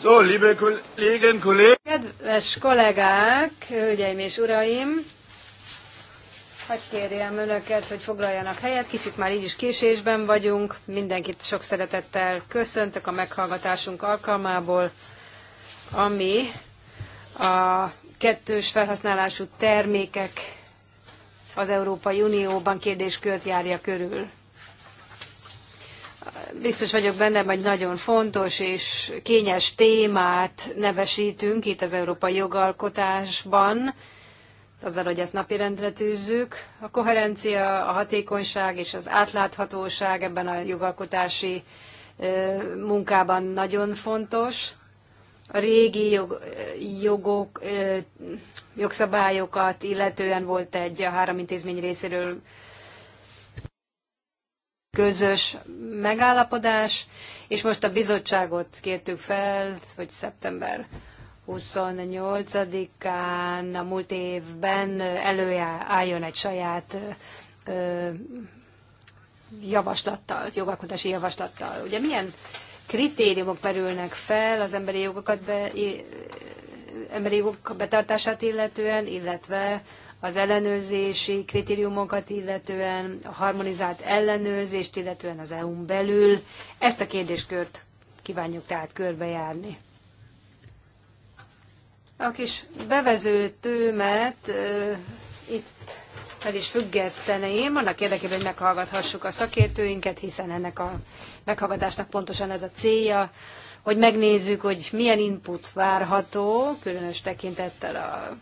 So, liebe Kollegen, Kollegen. Kedves kollégák, hölgyeim és uraim, hadd kérjem önöket, hogy foglaljanak helyet, kicsit már így is késésben vagyunk, mindenkit sok szeretettel köszöntök a meghallgatásunk alkalmából, ami a kettős felhasználású termékek az Európai Unióban kérdéskört járja körül biztos vagyok benne, hogy nagyon fontos és kényes témát nevesítünk itt az európai jogalkotásban, azzal, hogy ezt napirendre tűzzük. A koherencia, a hatékonyság és az átláthatóság ebben a jogalkotási munkában nagyon fontos. A régi jog, jogok, jogszabályokat illetően volt egy a három intézmény részéről közös megállapodás, és most a bizottságot kértük fel, hogy szeptember 28-án a múlt évben előálljon egy saját javaslattal, jogalkotási javaslattal. Ugye milyen kritériumok merülnek fel az emberi jogokat be, emberi jogok betartását illetően, illetve az ellenőrzési kritériumokat illetően, a harmonizált ellenőrzést illetően az EU-n belül. Ezt a kérdéskört kívánjuk tehát körbejárni. A kis tőmet uh, itt fel is függeszteném, annak érdekében, hogy meghallgathassuk a szakértőinket, hiszen ennek a meghallgatásnak pontosan ez a célja, hogy megnézzük, hogy milyen input várható, különös tekintettel a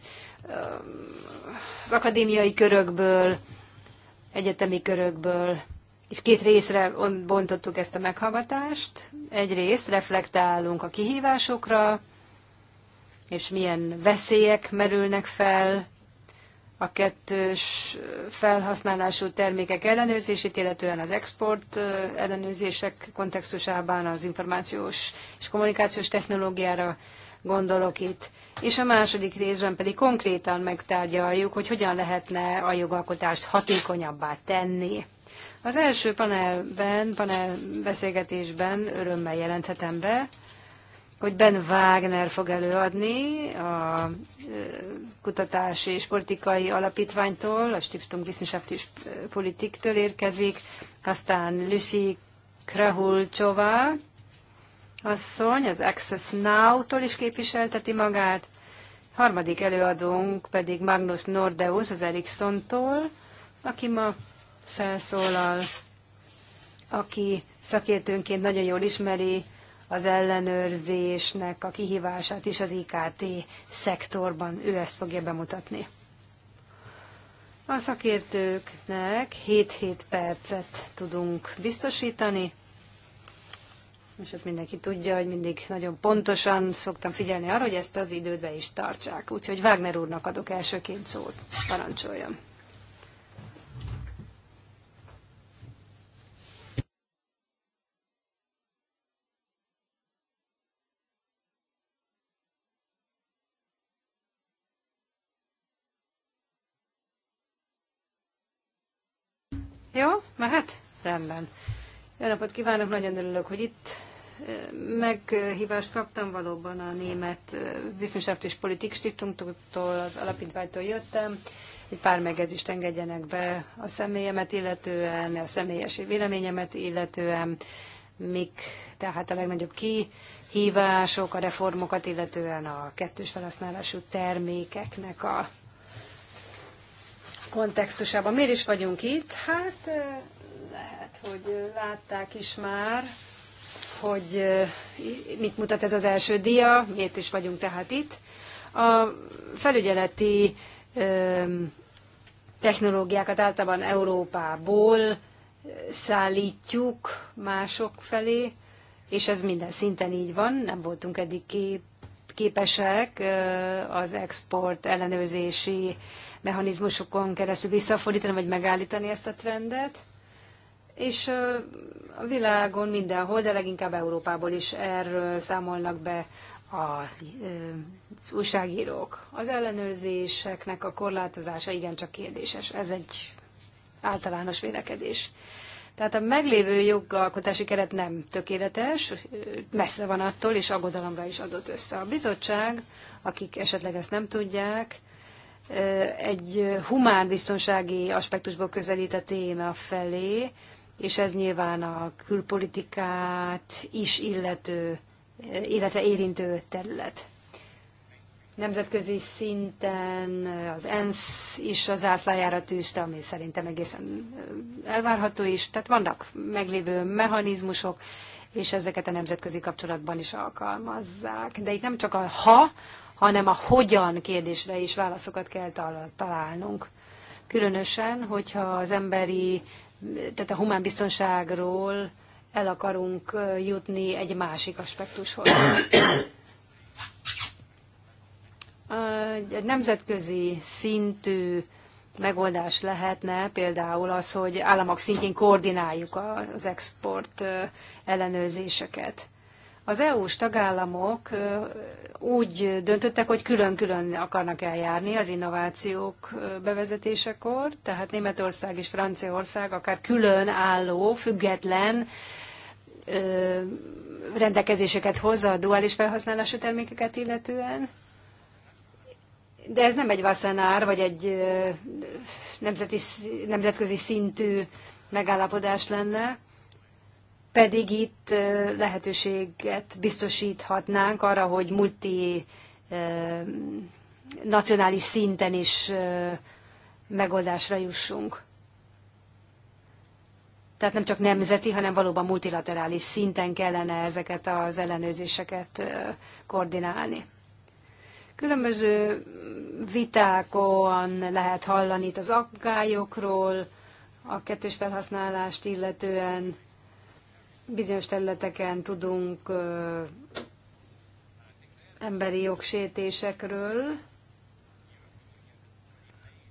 az akadémiai körökből, egyetemi körökből, és két részre bontottuk ezt a meghallgatást. Egyrészt reflektálunk a kihívásokra, és milyen veszélyek merülnek fel a kettős felhasználású termékek ellenőrzését, illetően az export ellenőrzések kontextusában az információs és kommunikációs technológiára gondolok itt és a második részben pedig konkrétan megtárgyaljuk, hogy hogyan lehetne a jogalkotást hatékonyabbá tenni. Az első panelben, panel beszélgetésben örömmel jelenthetem be, hogy Ben Wagner fog előadni a kutatási és politikai alapítványtól, a Stiftung Wissenschaft és Politiktől érkezik, aztán Lucy Krahulcsová, asszony az Access Now-tól is képviselteti magát, harmadik előadónk pedig Magnus Nordeus az Ericsson-tól, aki ma felszólal, aki szakértőnként nagyon jól ismeri az ellenőrzésnek a kihívását is az IKT szektorban. Ő ezt fogja bemutatni. A szakértőknek 7-7 percet tudunk biztosítani, és ott hát mindenki tudja, hogy mindig nagyon pontosan szoktam figyelni arra, hogy ezt az időt be is tartsák. Úgyhogy Wagner úrnak adok elsőként szót. Parancsoljam. Jó, mehet? Rendben. Jó napot kívánok, nagyon örülök, hogy itt meghívást kaptam valóban a német Wissenschaft és Politik Stiftungtól, az alapítványtól jöttem. Egy pár megjegyzést engedjenek be a személyemet illetően, a személyes véleményemet illetően, mik tehát a legnagyobb kihívások, a reformokat, illetően a kettős felhasználású termékeknek a kontextusában. Miért is vagyunk itt? Hát hogy látták is már, hogy mit mutat ez az első dia, miért is vagyunk tehát itt. A felügyeleti technológiákat általában Európából szállítjuk mások felé, és ez minden szinten így van, nem voltunk eddig képesek az export ellenőrzési mechanizmusokon keresztül visszafordítani, vagy megállítani ezt a trendet és a világon mindenhol, de leginkább Európából is erről számolnak be az újságírók. Az ellenőrzéseknek a korlátozása igencsak kérdéses. Ez egy általános vélekedés. Tehát a meglévő jogalkotási keret nem tökéletes, messze van attól, és aggodalomra is adott össze. A bizottság, akik esetleg ezt nem tudják, egy humán biztonsági aspektusból közelít a téma felé, és ez nyilván a külpolitikát is illető, illetve érintő terület. Nemzetközi szinten az ENSZ is az ászlájára tűzte, ami szerintem egészen elvárható is. Tehát vannak meglévő mechanizmusok, és ezeket a nemzetközi kapcsolatban is alkalmazzák. De itt nem csak a ha, hanem a hogyan kérdésre is válaszokat kell találnunk. Különösen, hogyha az emberi tehát a humánbiztonságról el akarunk jutni egy másik aspektushoz. Egy nemzetközi szintű megoldás lehetne például az, hogy államok szintjén koordináljuk az export ellenőrzéseket. Az EU-s tagállamok úgy döntöttek, hogy külön-külön akarnak eljárni az innovációk bevezetésekor, tehát Németország és Franciaország akár külön álló, független ö, rendelkezéseket hozza a duális felhasználású termékeket illetően. De ez nem egy vaszenár, vagy egy nemzeti, nemzetközi szintű megállapodás lenne, pedig itt lehetőséget biztosíthatnánk arra, hogy multi nacionális szinten is megoldásra jussunk. Tehát nem csak nemzeti, hanem valóban multilaterális szinten kellene ezeket az ellenőrzéseket koordinálni. Különböző vitákon lehet hallani itt az aggályokról, a kettős felhasználást illetően, bizonyos területeken tudunk emberi jogsértésekről,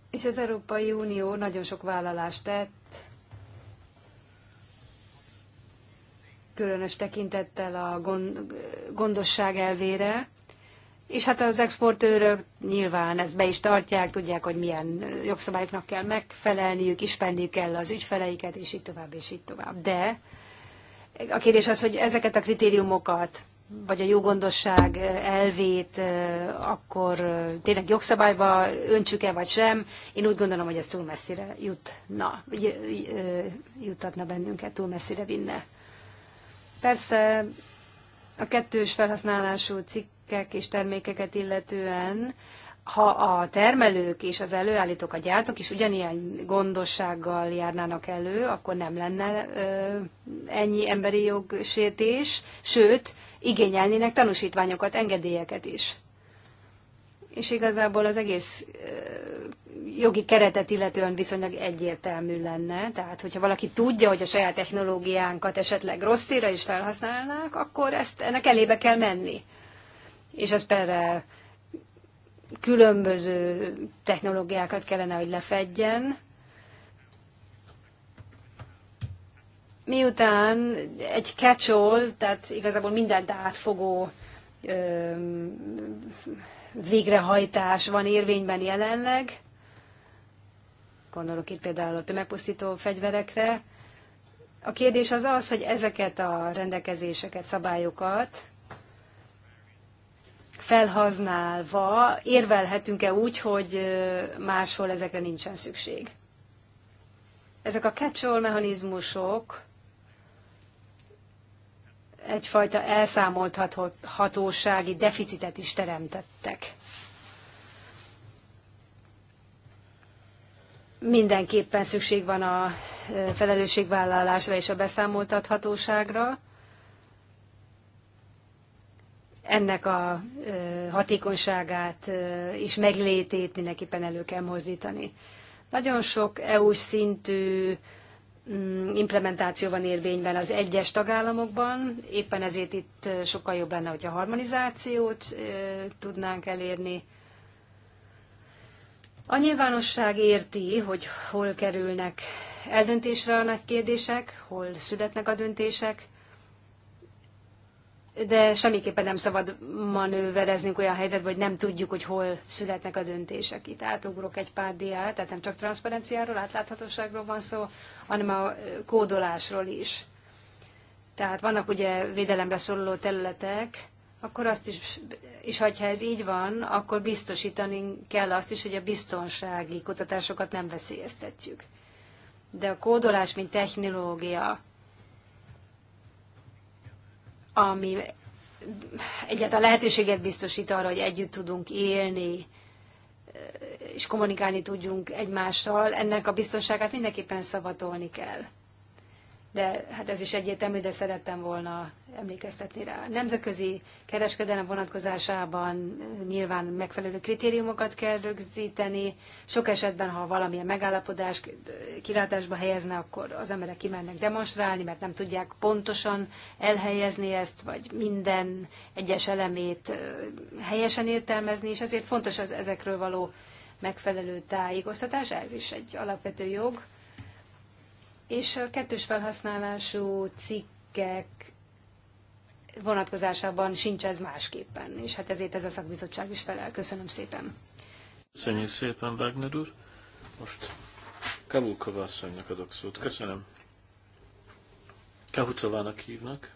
és az Európai Unió nagyon sok vállalást tett, különös tekintettel a gond, gondosság elvére, és hát az exportőrök nyilván ezt be is tartják, tudják, hogy milyen jogszabályoknak kell megfelelniük, ismerniük kell az ügyfeleiket, és így tovább, és így tovább. De a kérdés az, hogy ezeket a kritériumokat, vagy a jogondosság elvét akkor tényleg jogszabályba öntsük-e, vagy sem. Én úgy gondolom, hogy ez túl messzire jutna, juttatna bennünket, túl messzire vinne. Persze a kettős felhasználású cikkek és termékeket illetően ha a termelők és az előállítók, a gyártók is ugyanilyen gondossággal járnának elő, akkor nem lenne ö, ennyi emberi jogsértés, sőt, igényelnének tanúsítványokat, engedélyeket is. És igazából az egész ö, jogi keretet illetően viszonylag egyértelmű lenne. Tehát, hogyha valaki tudja, hogy a saját technológiánkat esetleg rosszira is felhasználnák, akkor ezt ennek elébe kell menni. És ez persze különböző technológiákat kellene, hogy lefedjen. Miután egy catch tehát igazából mindent átfogó végrehajtás van érvényben jelenleg, gondolok itt például a tömegpusztító fegyverekre. A kérdés az az, hogy ezeket a rendelkezéseket, szabályokat felhasználva érvelhetünk-e úgy, hogy máshol ezekre nincsen szükség. Ezek a catch mechanizmusok egyfajta elszámolthatósági deficitet is teremtettek. Mindenképpen szükség van a felelősségvállalásra és a beszámoltathatóságra ennek a hatékonyságát és meglétét mindenképpen elő kell mozdítani. Nagyon sok EU-s szintű mm, implementáció van érvényben az egyes tagállamokban, éppen ezért itt sokkal jobb lenne, hogyha a harmonizációt tudnánk elérni. A nyilvánosság érti, hogy hol kerülnek eldöntésre a nagy kérdések, hol születnek a döntések, de semmiképpen nem szabad manővereznünk olyan helyzetben, hogy nem tudjuk, hogy hol születnek a döntések. Itt átugrok egy pár diát, tehát nem csak transzparenciáról, átláthatóságról van szó, hanem a kódolásról is. Tehát vannak ugye védelemre szóló területek, akkor azt is, és hogyha ez így van, akkor biztosítani kell azt is, hogy a biztonsági kutatásokat nem veszélyeztetjük. De a kódolás, mint technológia, ami egyáltalán lehetőséget biztosít arra, hogy együtt tudunk élni, és kommunikálni tudjunk egymással, ennek a biztonságát mindenképpen szavatolni kell de hát ez is egyértelmű, de szerettem volna emlékeztetni rá. Nemzetközi kereskedelem vonatkozásában eh, nyilván megfelelő kritériumokat kell rögzíteni. Sok esetben, ha valamilyen megállapodás kilátásba helyezne, akkor az emberek kimennek demonstrálni, mert nem tudják pontosan elhelyezni ezt, vagy minden egyes elemét eh, helyesen értelmezni, és ezért fontos az ezekről való megfelelő tájékoztatás, ez is egy alapvető jog és a kettős felhasználású cikkek vonatkozásában sincs ez másképpen, és hát ezért ez a szakbizottság is felel. Köszönöm szépen. Köszönjük szépen, Wagner úr. Most Kavulkova asszonynak adok szót. Köszönöm. Kahucovának hívnak.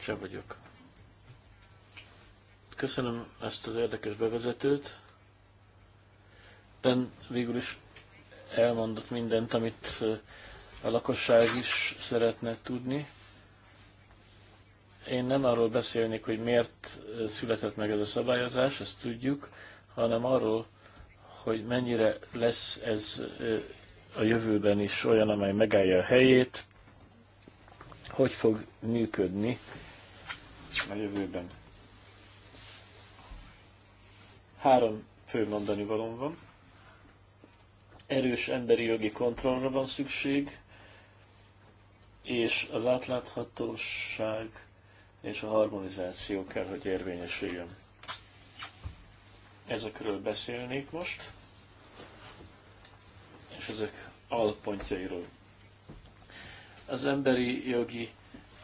Se vagyok. Köszönöm ezt az érdekes bevezetőt. Ben végül is elmondott mindent, amit a lakosság is szeretne tudni. Én nem arról beszélnék, hogy miért született meg ez a szabályozás, ezt tudjuk, hanem arról, hogy mennyire lesz ez a jövőben is olyan, amely megállja a helyét, hogy fog működni a jövőben. Három fő mondani valóm van. Erős emberi jogi kontrollra van szükség, és az átláthatóság és a harmonizáció kell, hogy érvényesüljön. Ezekről beszélnék most, és ezek alpontjairól. Az emberi jogi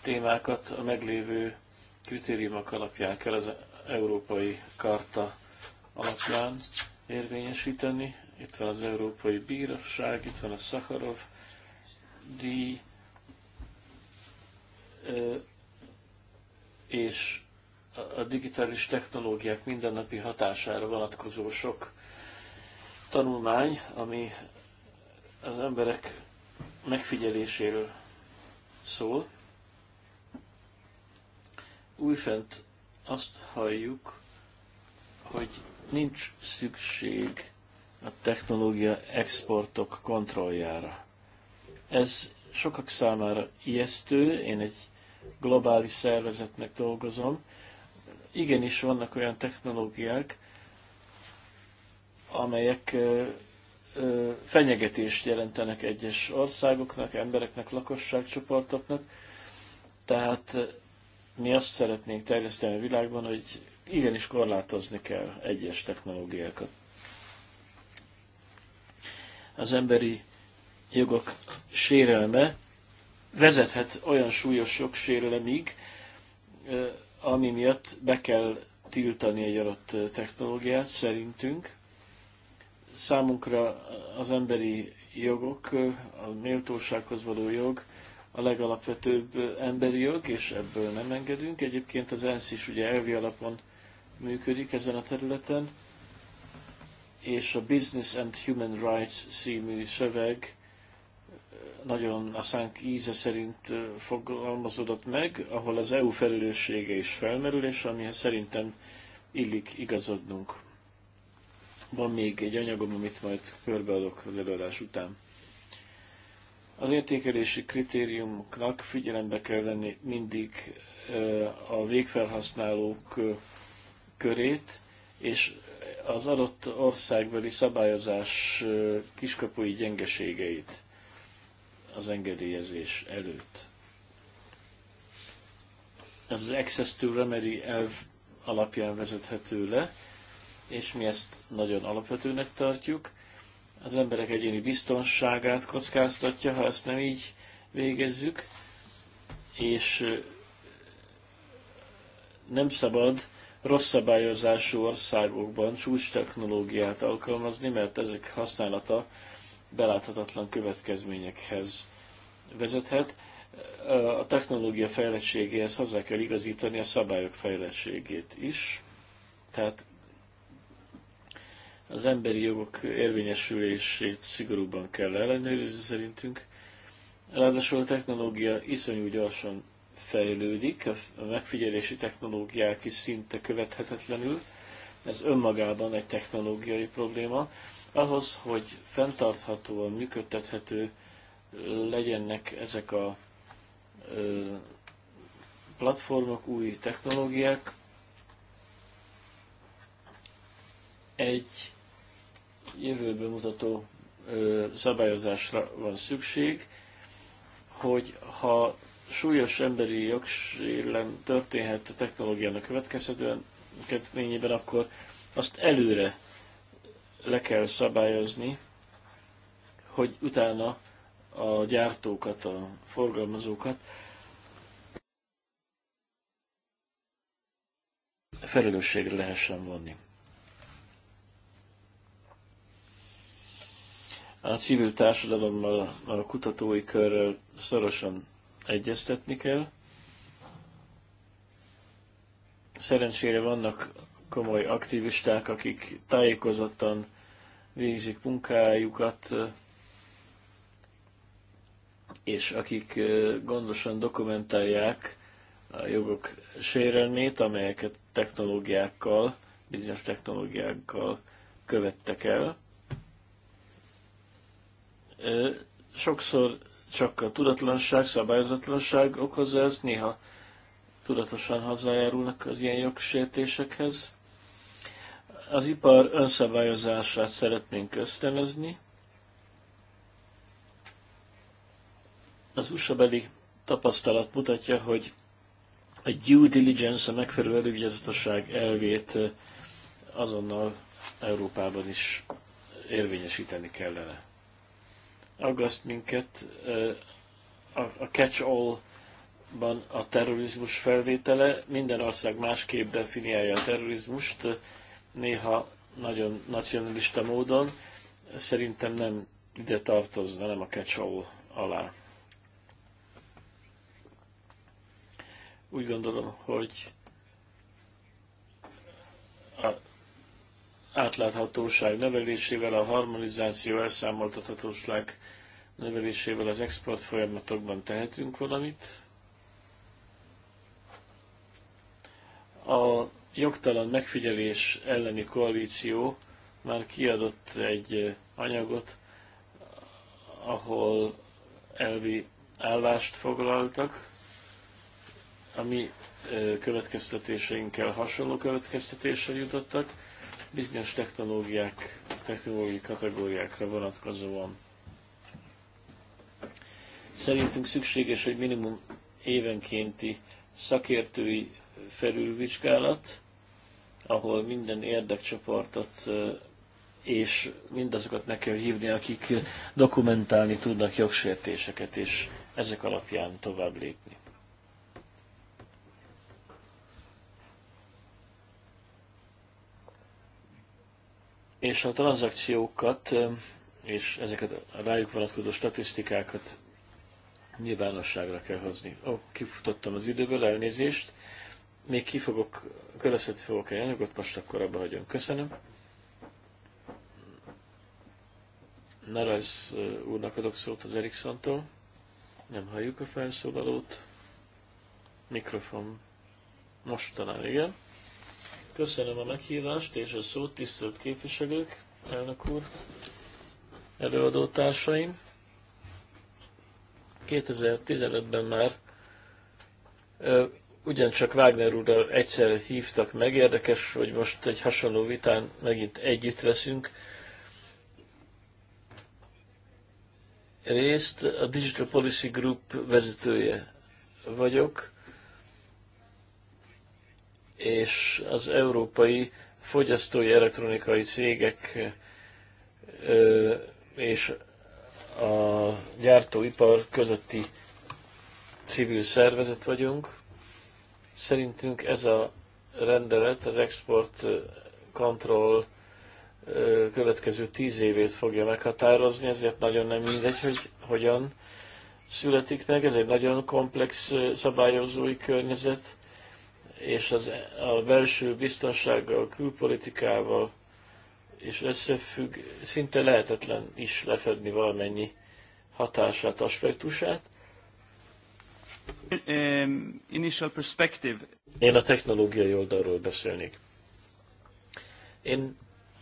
témákat a meglévő kritériumok alapján kell az Európai Karta alapján érvényesíteni, itt van az Európai Bíróság, itt van a Szakarov díj, és a digitális technológiák mindennapi hatására vonatkozó sok tanulmány, ami az emberek megfigyeléséről szól. Újfent azt halljuk, hogy nincs szükség a technológia exportok kontrolljára. Ez sokak számára ijesztő, én egy globális szervezetnek dolgozom. Igenis vannak olyan technológiák, amelyek fenyegetést jelentenek egyes országoknak, embereknek, lakosságcsoportoknak. Tehát mi azt szeretnénk terjeszteni a világban, hogy igenis korlátozni kell egyes technológiákat az emberi jogok sérelme vezethet olyan súlyos jogsérelemig, ami miatt be kell tiltani egy adott technológiát, szerintünk. Számunkra az emberi jogok, a méltósághoz való jog a legalapvetőbb emberi jog, és ebből nem engedünk. Egyébként az ENSZ is ugye elvi alapon működik ezen a területen és a Business and Human Rights című szöveg eh, nagyon a szánk íze szerint eh, fogalmazódott meg, ahol az EU felelőssége is felmerül, és amihez szerintem illik igazodnunk. Van még egy anyagom, amit majd körbeadok az előadás után. Az értékelési kritériumoknak figyelembe kell venni mindig eh, a végfelhasználók körét, és az adott országbeli szabályozás kiskapui gyengeségeit az engedélyezés előtt. Ez az Access to Remedy elv alapján vezethető le, és mi ezt nagyon alapvetőnek tartjuk. Az emberek egyéni biztonságát kockáztatja, ha ezt nem így végezzük, és nem szabad rossz szabályozású országokban csúcs technológiát alkalmazni, mert ezek használata beláthatatlan következményekhez vezethet. A technológia fejlettségéhez hozzá kell igazítani a szabályok fejlettségét is. Tehát az emberi jogok érvényesülését szigorúban kell ellenőrizni szerintünk. Ráadásul a technológia iszonyú gyorsan fejlődik, a megfigyelési technológiák is szinte követhetetlenül, ez önmagában egy technológiai probléma. Ahhoz, hogy fenntarthatóan működtethető legyenek ezek a platformok, új technológiák, egy jövőbe mutató szabályozásra van szükség, hogy ha súlyos emberi jogsérlem történhet a technológiának következően, kedvényében, akkor azt előre le kell szabályozni, hogy utána a gyártókat, a forgalmazókat felelősségre lehessen vonni. A civil társadalommal, a kutatói körrel szorosan egyeztetni kell. Szerencsére vannak komoly aktivisták, akik tájékozottan végzik munkájukat, és akik gondosan dokumentálják a jogok sérelmét, amelyeket technológiákkal, bizonyos technológiákkal követtek el. Sokszor csak a tudatlanság, szabályozatlanság okozza ezt, néha tudatosan hozzájárulnak az ilyen jogsértésekhez. Az ipar önszabályozását szeretnénk ösztönözni. Az USA beli tapasztalat mutatja, hogy a due diligence, a megfelelő elővigyázatosság elvét eh, azonnal Európában is érvényesíteni kellene aggaszt minket a catch-all-ban a terrorizmus felvétele. Minden ország másképp definiálja a terrorizmust, néha nagyon nacionalista módon. Szerintem nem ide tartozna, nem a catch-all alá. Úgy gondolom, hogy a átláthatóság növelésével, a harmonizáció elszámoltathatóság növelésével az export folyamatokban tehetünk valamit. A jogtalan megfigyelés elleni koalíció már kiadott egy anyagot, ahol elvi állást foglaltak, ami következtetéseinkkel hasonló következtetésre jutottak bizonyos technológiák, technológiai kategóriákra vonatkozóan. Szerintünk szükséges, egy minimum évenkénti szakértői felülvizsgálat, ahol minden érdekcsoportot és mindazokat meg kell hívni, akik dokumentálni tudnak jogsértéseket, és ezek alapján tovább lépni. és a tranzakciókat és ezeket a rájuk vonatkozó statisztikákat nyilvánosságra kell hozni. Ó, kifutottam az időből, elnézést. Még ki fogok, köröztet fogok egy ott most akkor abba hagyom. Köszönöm. Narajz úrnak adok szót az Ericsson-tól. Nem halljuk a felszólalót. Mikrofon. Most talán igen. Köszönöm a meghívást és a szót, tisztelt képviselők, elnök úr, előadótársaim. 2015-ben már ö, ugyancsak Wagner úrral egyszerre hívtak meg, érdekes, hogy most egy hasonló vitán megint együtt veszünk részt. A Digital Policy Group vezetője vagyok, és az európai fogyasztói elektronikai cégek és a gyártóipar közötti civil szervezet vagyunk. Szerintünk ez a rendelet az export control következő tíz évét fogja meghatározni, ezért nagyon nem mindegy, hogy hogyan születik meg. Ez egy nagyon komplex szabályozói környezet, és az, a belső biztonsággal, a külpolitikával és összefügg, szinte lehetetlen is lefedni valamennyi hatását, aspektusát. Um, initial perspective. Én a technológiai oldalról beszélnék. Én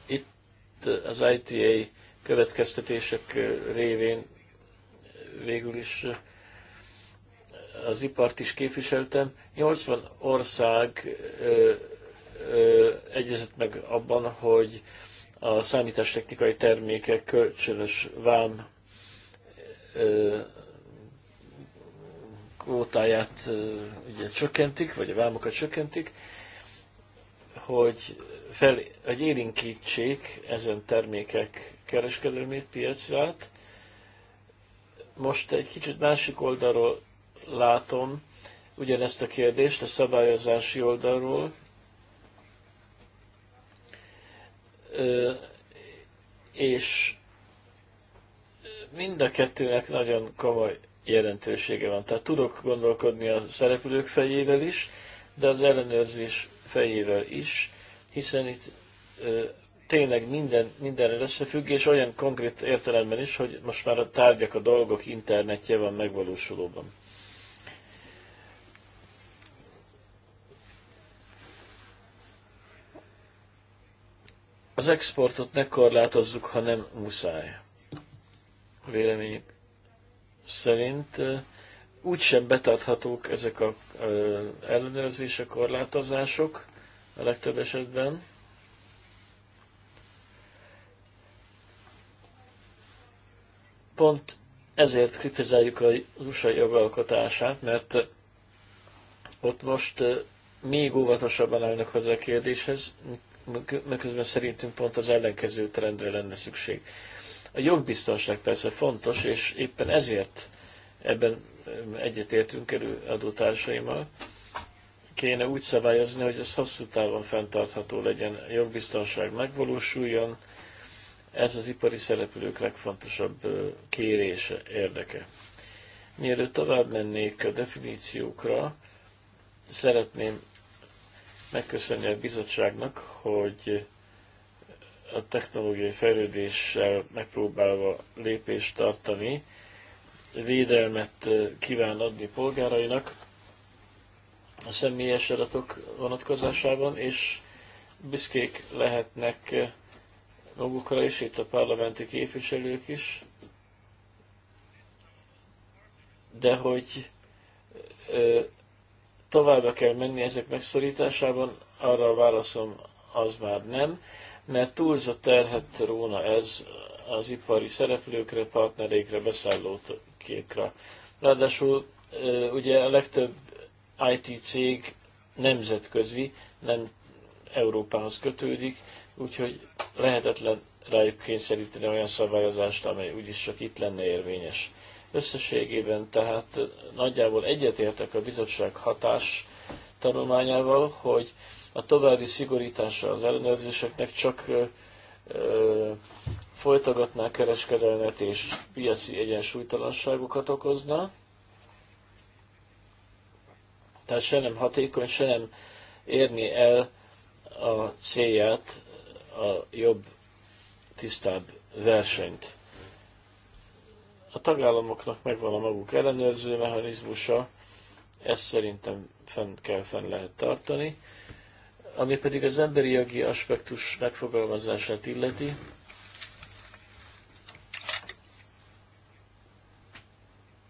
itt az ITA következtetések révén végül is az ipart is képviseltem, 80 ország ö, ö, egyezett meg abban, hogy a számítástechnikai termékek kölcsönös vám ö, kvótáját ö, ugye csökkentik, vagy a vámokat csökkentik, hogy, fel, hogy érinkítsék ezen termékek kereskedelmét, piacát. Most egy kicsit másik oldalról látom ugyanezt a kérdést a szabályozási oldalról. És mind a kettőnek nagyon komoly jelentősége van. Tehát tudok gondolkodni a szereplők fejével is, de az ellenőrzés fejével is, hiszen itt tényleg minden, minden összefügg, és olyan konkrét értelemben is, hogy most már a tárgyak, a dolgok internetje van megvalósulóban. az exportot ne korlátozzuk, ha nem muszáj. Véleményük szerint úgysem betarthatók ezek a ellenőrzések, korlátozások a legtöbb esetben. Pont ezért kritizáljuk az USA jogalkotását, mert ott most még óvatosabban állnak hozzá a kérdéshez, mint miközben szerintünk pont az ellenkező trendre lenne szükség. A jogbiztonság persze fontos, és éppen ezért ebben egyetértünk adótársaimmal, kéne úgy szabályozni, hogy ez hosszú távon fenntartható legyen, a jogbiztonság megvalósuljon, ez az ipari szereplők legfontosabb kérése, érdeke. Mielőtt tovább mennék a definíciókra, szeretném megköszönni a bizottságnak, hogy a technológiai fejlődéssel megpróbálva lépést tartani, védelmet kíván adni polgárainak a személyes adatok vonatkozásában, és büszkék lehetnek magukra is, itt a parlamenti képviselők is, de hogy Tovább kell menni ezek megszorításában, arra a válaszom az már nem, mert túlzott terhet róna ez az ipari szereplőkre, partnerékre, beszállókékre. Ráadásul ugye a legtöbb IT cég nemzetközi, nem Európához kötődik, úgyhogy lehetetlen rájuk kényszeríteni olyan szabályozást, amely úgyis csak itt lenne érvényes. Összességében tehát nagyjából egyetértek a bizottság hatás tanulmányával, hogy a további szigorítása az ellenőrzéseknek csak ö, kereskedelmet és piaci egyensúlytalanságokat okozna. Tehát se nem hatékony, se nem érni el a célját, a jobb, tisztább versenyt. A tagállamoknak megvan a maguk ellenőrző mechanizmusa, ezt szerintem fenn kell, fenn lehet tartani. Ami pedig az emberi jogi aspektus megfogalmazását illeti,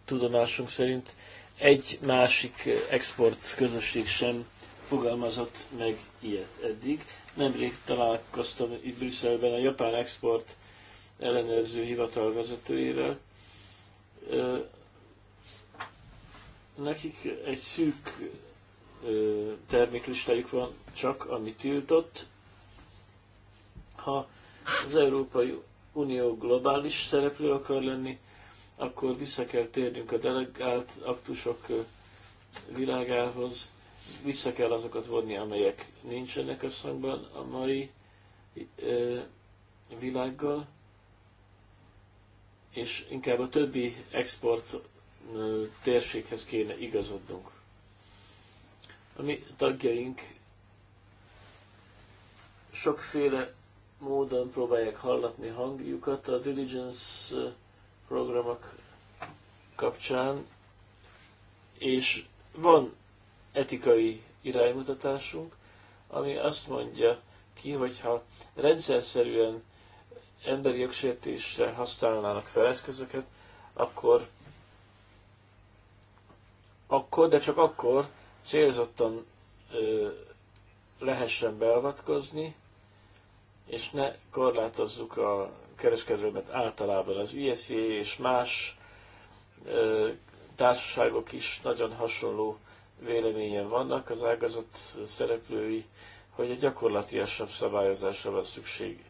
tudomásunk szerint egy másik export közösség sem fogalmazott meg ilyet eddig. Nemrég találkoztam itt Brüsszelben a Japán Export ellenőrző hivatal vezetőjével, nekik egy szűk terméklistájuk van csak, ami tiltott. Ha az Európai Unió globális szereplő akar lenni, akkor vissza kell térnünk a delegált aktusok világához, vissza kell azokat vonni, amelyek nincsenek összhangban a mai világgal és inkább a többi export térséghez kéne igazodnunk. A mi tagjaink sokféle módon próbálják hallatni hangjukat a diligence programok kapcsán, és van etikai iránymutatásunk, ami azt mondja ki, hogyha rendszerszerűen emberi jogsértésre használnának fel eszközöket, akkor, akkor, de csak akkor célzottan ö, lehessen beavatkozni, és ne korlátozzuk a kereskedelmet általában. Az ISZ és más ö, társaságok is nagyon hasonló véleményen vannak, az ágazat szereplői, hogy egy gyakorlatiasabb szabályozásra van szükség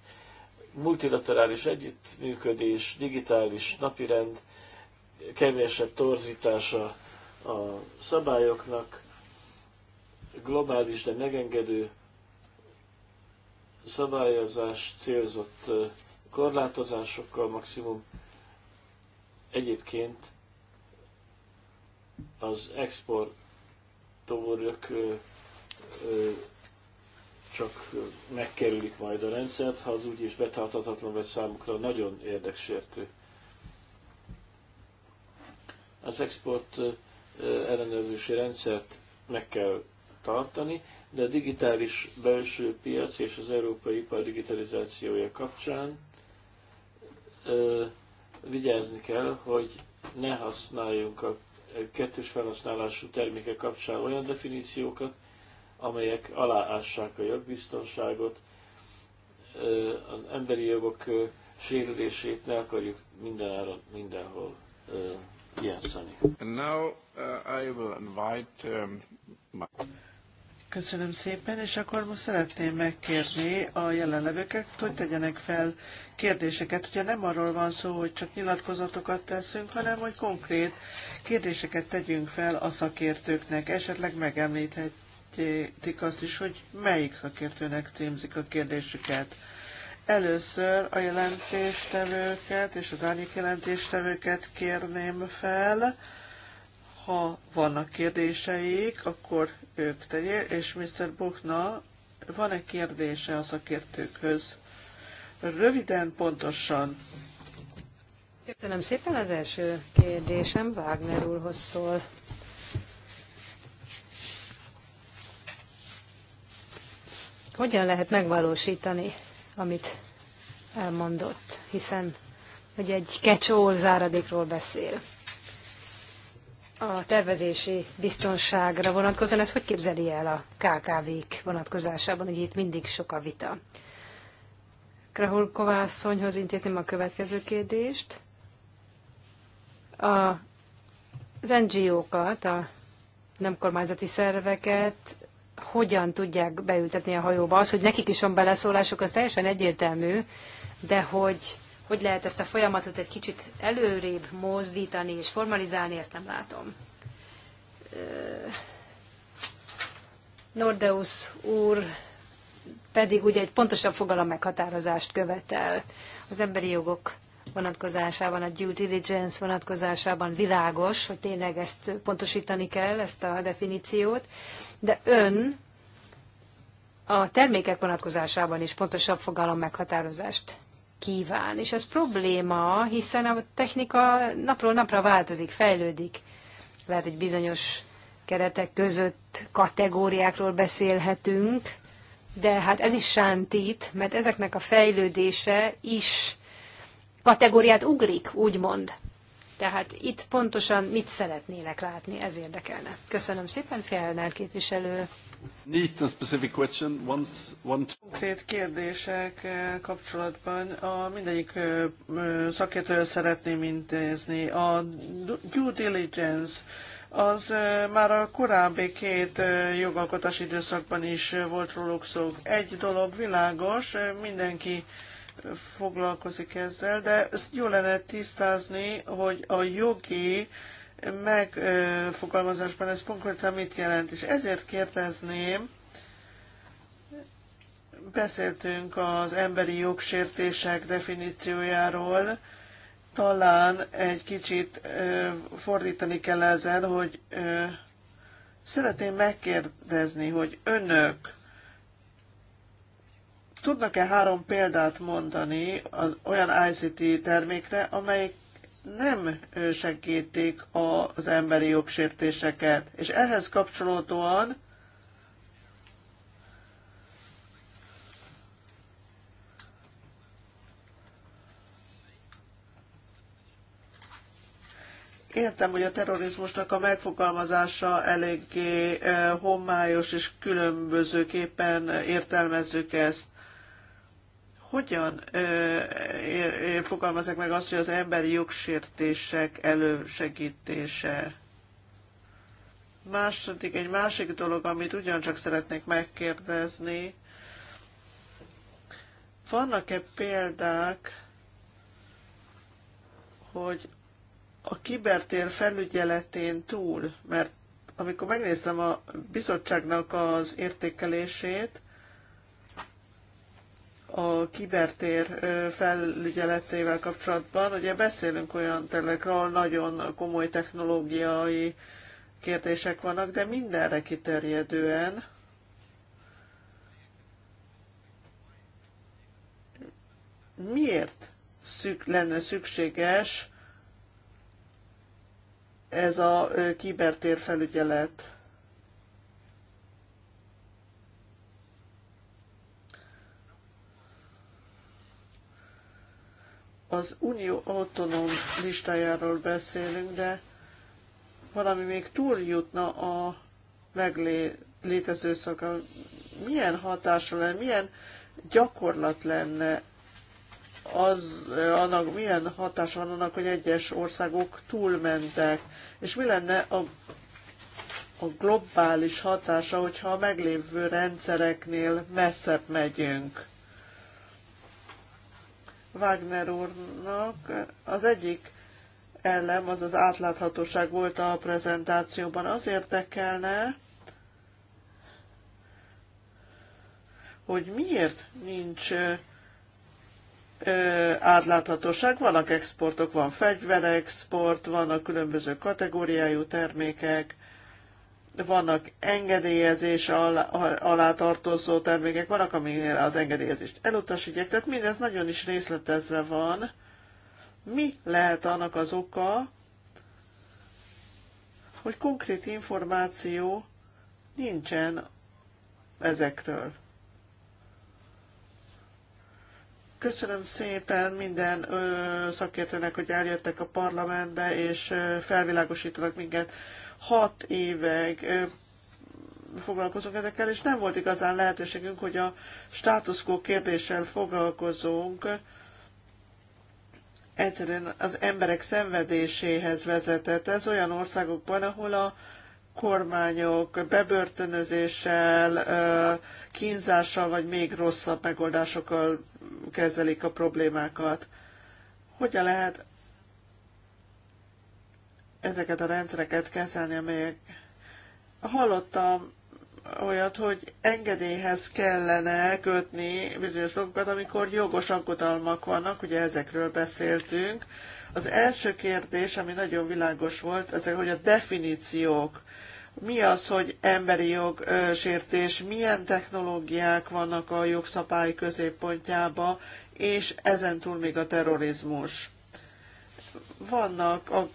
multilaterális együttműködés, digitális napirend, kevesebb torzítása a szabályoknak, globális, de megengedő szabályozás célzott korlátozásokkal maximum. Egyébként az exportórök csak megkerülik majd a rendszert, ha az úgyis betartatatlan vagy számukra nagyon érdeksértő. Az export ellenőrzési rendszert meg kell tartani, de a digitális belső piac és az európai ipar digitalizációja kapcsán ö, vigyázni kell, hogy ne használjunk a kettős felhasználású termékek kapcsán olyan definíciókat, amelyek aláássák a jogbiztonságot, az emberi jogok sérülését ne akarjuk mindenáron, mindenhol kijátszani. Uh, um, Köszönöm szépen, és akkor most szeretném megkérni a jelenlevőket, hogy tegyenek fel kérdéseket. Ugye nem arról van szó, hogy csak nyilatkozatokat teszünk, hanem hogy konkrét kérdéseket tegyünk fel a szakértőknek. Esetleg megemlíthet, megértették azt is, hogy melyik szakértőnek címzik a kérdésüket. Először a jelentéstevőket és az árnyék jelentéstevőket kérném fel. Ha vannak kérdéseik, akkor ők tegyék, és Mr. Buchna, van-e kérdése a szakértőkhöz? Röviden, pontosan. Köszönöm szépen. Az első kérdésem Wagner úrhoz szól. hogyan lehet megvalósítani, amit elmondott, hiszen hogy egy kecsól záradékról beszél. A tervezési biztonságra vonatkozóan ez hogy képzeli el a KKV-k vonatkozásában, hogy itt mindig sok a vita. Krahul Kovászonyhoz intézném a következő kérdést. A, az NGO-kat, a nem kormányzati szerveket hogyan tudják beültetni a hajóba. Az, hogy nekik is van beleszólásuk, az teljesen egyértelmű, de hogy hogy lehet ezt a folyamatot egy kicsit előrébb mozdítani és formalizálni, ezt nem látom. Nordeus úr pedig ugye egy pontosabb fogalom meghatározást követel az emberi jogok vonatkozásában, a due diligence vonatkozásában világos, hogy tényleg ezt pontosítani kell, ezt a definíciót, de ön a termékek vonatkozásában is pontosabb fogalom meghatározást kíván. És ez probléma, hiszen a technika napról napra változik, fejlődik. Lehet, hogy bizonyos keretek között kategóriákról beszélhetünk, de hát ez is sántít, mert ezeknek a fejlődése is kategóriát ugrik, úgymond. Tehát itt pontosan mit szeretnének látni, ez érdekelne. Köszönöm szépen, Fjellner képviselő. Neat specific question. Once, one... Konkrét kérdések eh, kapcsolatban a mindegyik eh, eh, szakértőről szeretném intézni. A due diligence az már a korábbi két jogalkotási időszakban is volt róluk szó. Egy dolog világos, mindenki foglalkozik ezzel, de ezt jó lenne tisztázni, hogy a jogi megfogalmazásban ez konkrétan mit jelent. És ezért kérdezném, beszéltünk az emberi jogsértések definíciójáról, talán egy kicsit fordítani kell ezen, hogy szeretném megkérdezni, hogy önök Tudnak-e három példát mondani az olyan ICT termékre, amelyik nem segítik az emberi jogsértéseket. És ehhez kapcsolódóan Értem, hogy a terrorizmusnak a megfogalmazása eléggé homályos, és különbözőképpen értelmezzük ezt hogyan ö, fogalmazok meg azt, hogy az emberi jogsértések elősegítése? Második, egy másik dolog, amit ugyancsak szeretnék megkérdezni. Vannak-e példák, hogy a kibertér felügyeletén túl, mert amikor megnéztem a bizottságnak az értékelését, a kibertér felügyeletével kapcsolatban. Ugye beszélünk olyan területről, nagyon komoly technológiai kérdések vannak, de mindenre kiterjedően miért szük, lenne szükséges ez a kibertér felügyelet? az unió autonóm listájáról beszélünk, de valami még túljutna a meglétező létező szaka. Milyen hatása lenne, milyen gyakorlat lenne az, annak milyen hatása van annak, hogy egyes országok túlmentek, és mi lenne a, a globális hatása, hogyha a meglévő rendszereknél messzebb megyünk. Wagner úrnak. Az egyik ellem, az az átláthatóság volt a prezentációban. Az érdekelne, hogy miért nincs ö, átláthatóság. Vannak exportok, van fegyverexport, vannak különböző kategóriájú termékek, vannak engedélyezés alá tartozó termékek, vannak, aminél az engedélyezést elutasítják, tehát mindez nagyon is részletezve van. Mi lehet annak az oka, hogy konkrét információ nincsen ezekről. Köszönöm szépen minden ö, szakértőnek, hogy eljöttek a parlamentbe, és ö, felvilágosítanak minket hat évek foglalkozunk ezekkel, és nem volt igazán lehetőségünk, hogy a status quo kérdéssel foglalkozunk. Egyszerűen az emberek szenvedéséhez vezetett. Ez olyan országokban, ahol a kormányok bebörtönözéssel, kínzással vagy még rosszabb megoldásokkal kezelik a problémákat. Hogyan lehet ezeket a rendszereket kezelni, amelyek hallottam olyat, hogy engedélyhez kellene kötni bizonyos dolgokat, amikor jogos aggodalmak vannak, ugye ezekről beszéltünk. Az első kérdés, ami nagyon világos volt, az, hogy a definíciók, mi az, hogy emberi jogsértés, milyen technológiák vannak a jogszabály középpontjába, és ezen túl még a terrorizmus. Vannak a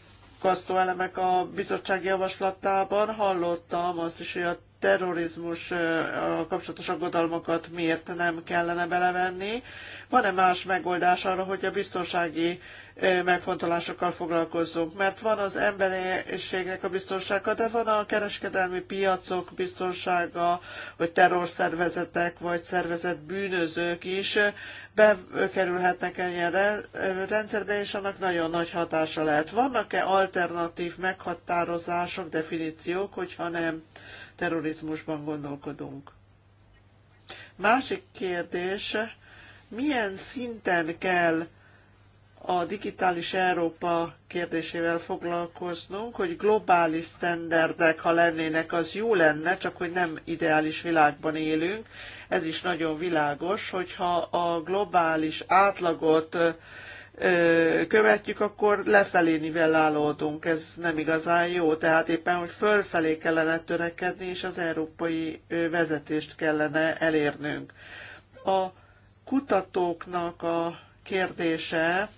aggasztó elemek a bizottság javaslatában. Hallottam azt is, hogy a terrorizmus a kapcsolatos aggodalmakat miért nem kellene belevenni. Van-e más megoldás arra, hogy a biztonsági megfontolásokkal foglalkozzunk? Mert van az emberiségnek a biztonsága, de van a kereskedelmi piacok biztonsága, vagy terrorszervezetek, vagy szervezett bűnözők is bekerülhetnek egy ilyen rendszerbe, és annak nagyon nagy hatása lehet. Vannak-e alternatív meghatározások, definíciók, hogyha nem terrorizmusban gondolkodunk? Másik kérdés, milyen szinten kell a digitális Európa kérdésével foglalkoznunk, hogy globális sztenderdek, ha lennének, az jó lenne, csak hogy nem ideális világban élünk. Ez is nagyon világos, hogyha a globális átlagot követjük, akkor lefelé nivellálódunk, ez nem igazán jó. Tehát éppen, hogy fölfelé kellene törekedni, és az európai vezetést kellene elérnünk. A kutatóknak a kérdése,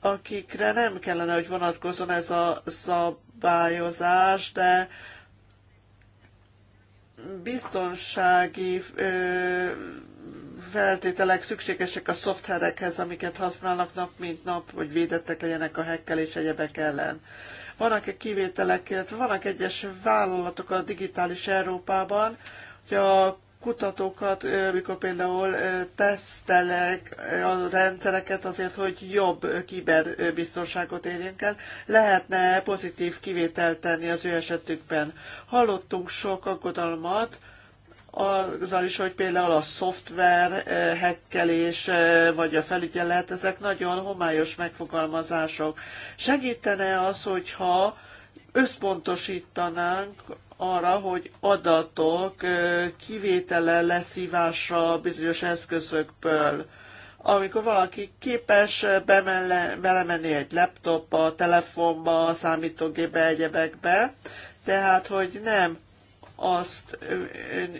akikre nem kellene, hogy vonatkozzon ez a szabályozás, de biztonsági feltételek szükségesek a szoftverekhez, amiket használnak nap mint nap, hogy védettek legyenek a hekkel és egyebek ellen. Vannak-e kivételek, illetve vannak egyes vállalatok a digitális Európában, hogy a kutatókat, mikor például tesztelek a rendszereket azért, hogy jobb kiberbiztonságot érjünk el, lehetne pozitív kivételt tenni az ő esetükben. Hallottunk sok aggodalmat, azzal is, hogy például a szoftver hekkelés vagy a felügyelet, ezek nagyon homályos megfogalmazások. Segítene az, hogyha összpontosítanánk arra, hogy adatok kivétele leszívásra bizonyos eszközökből. Amikor valaki képes bemelle, belemenni egy laptopba, telefonba, számítógébe, egyebekbe, tehát hogy nem azt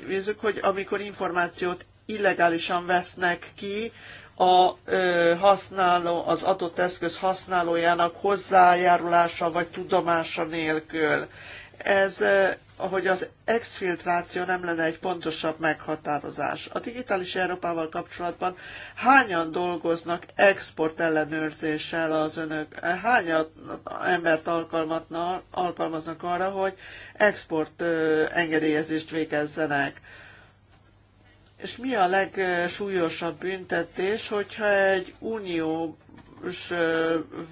nézzük, hogy amikor információt illegálisan vesznek ki, a ö, használó, az adott eszköz használójának hozzájárulása vagy tudomása nélkül. Ez ahogy az exfiltráció nem lenne egy pontosabb meghatározás. A digitális Európával kapcsolatban hányan dolgoznak export ellenőrzéssel az önök, hányan embert alkalmaznak arra, hogy export engedélyezést végezzenek? És mi a legsúlyosabb büntetés, hogyha egy unió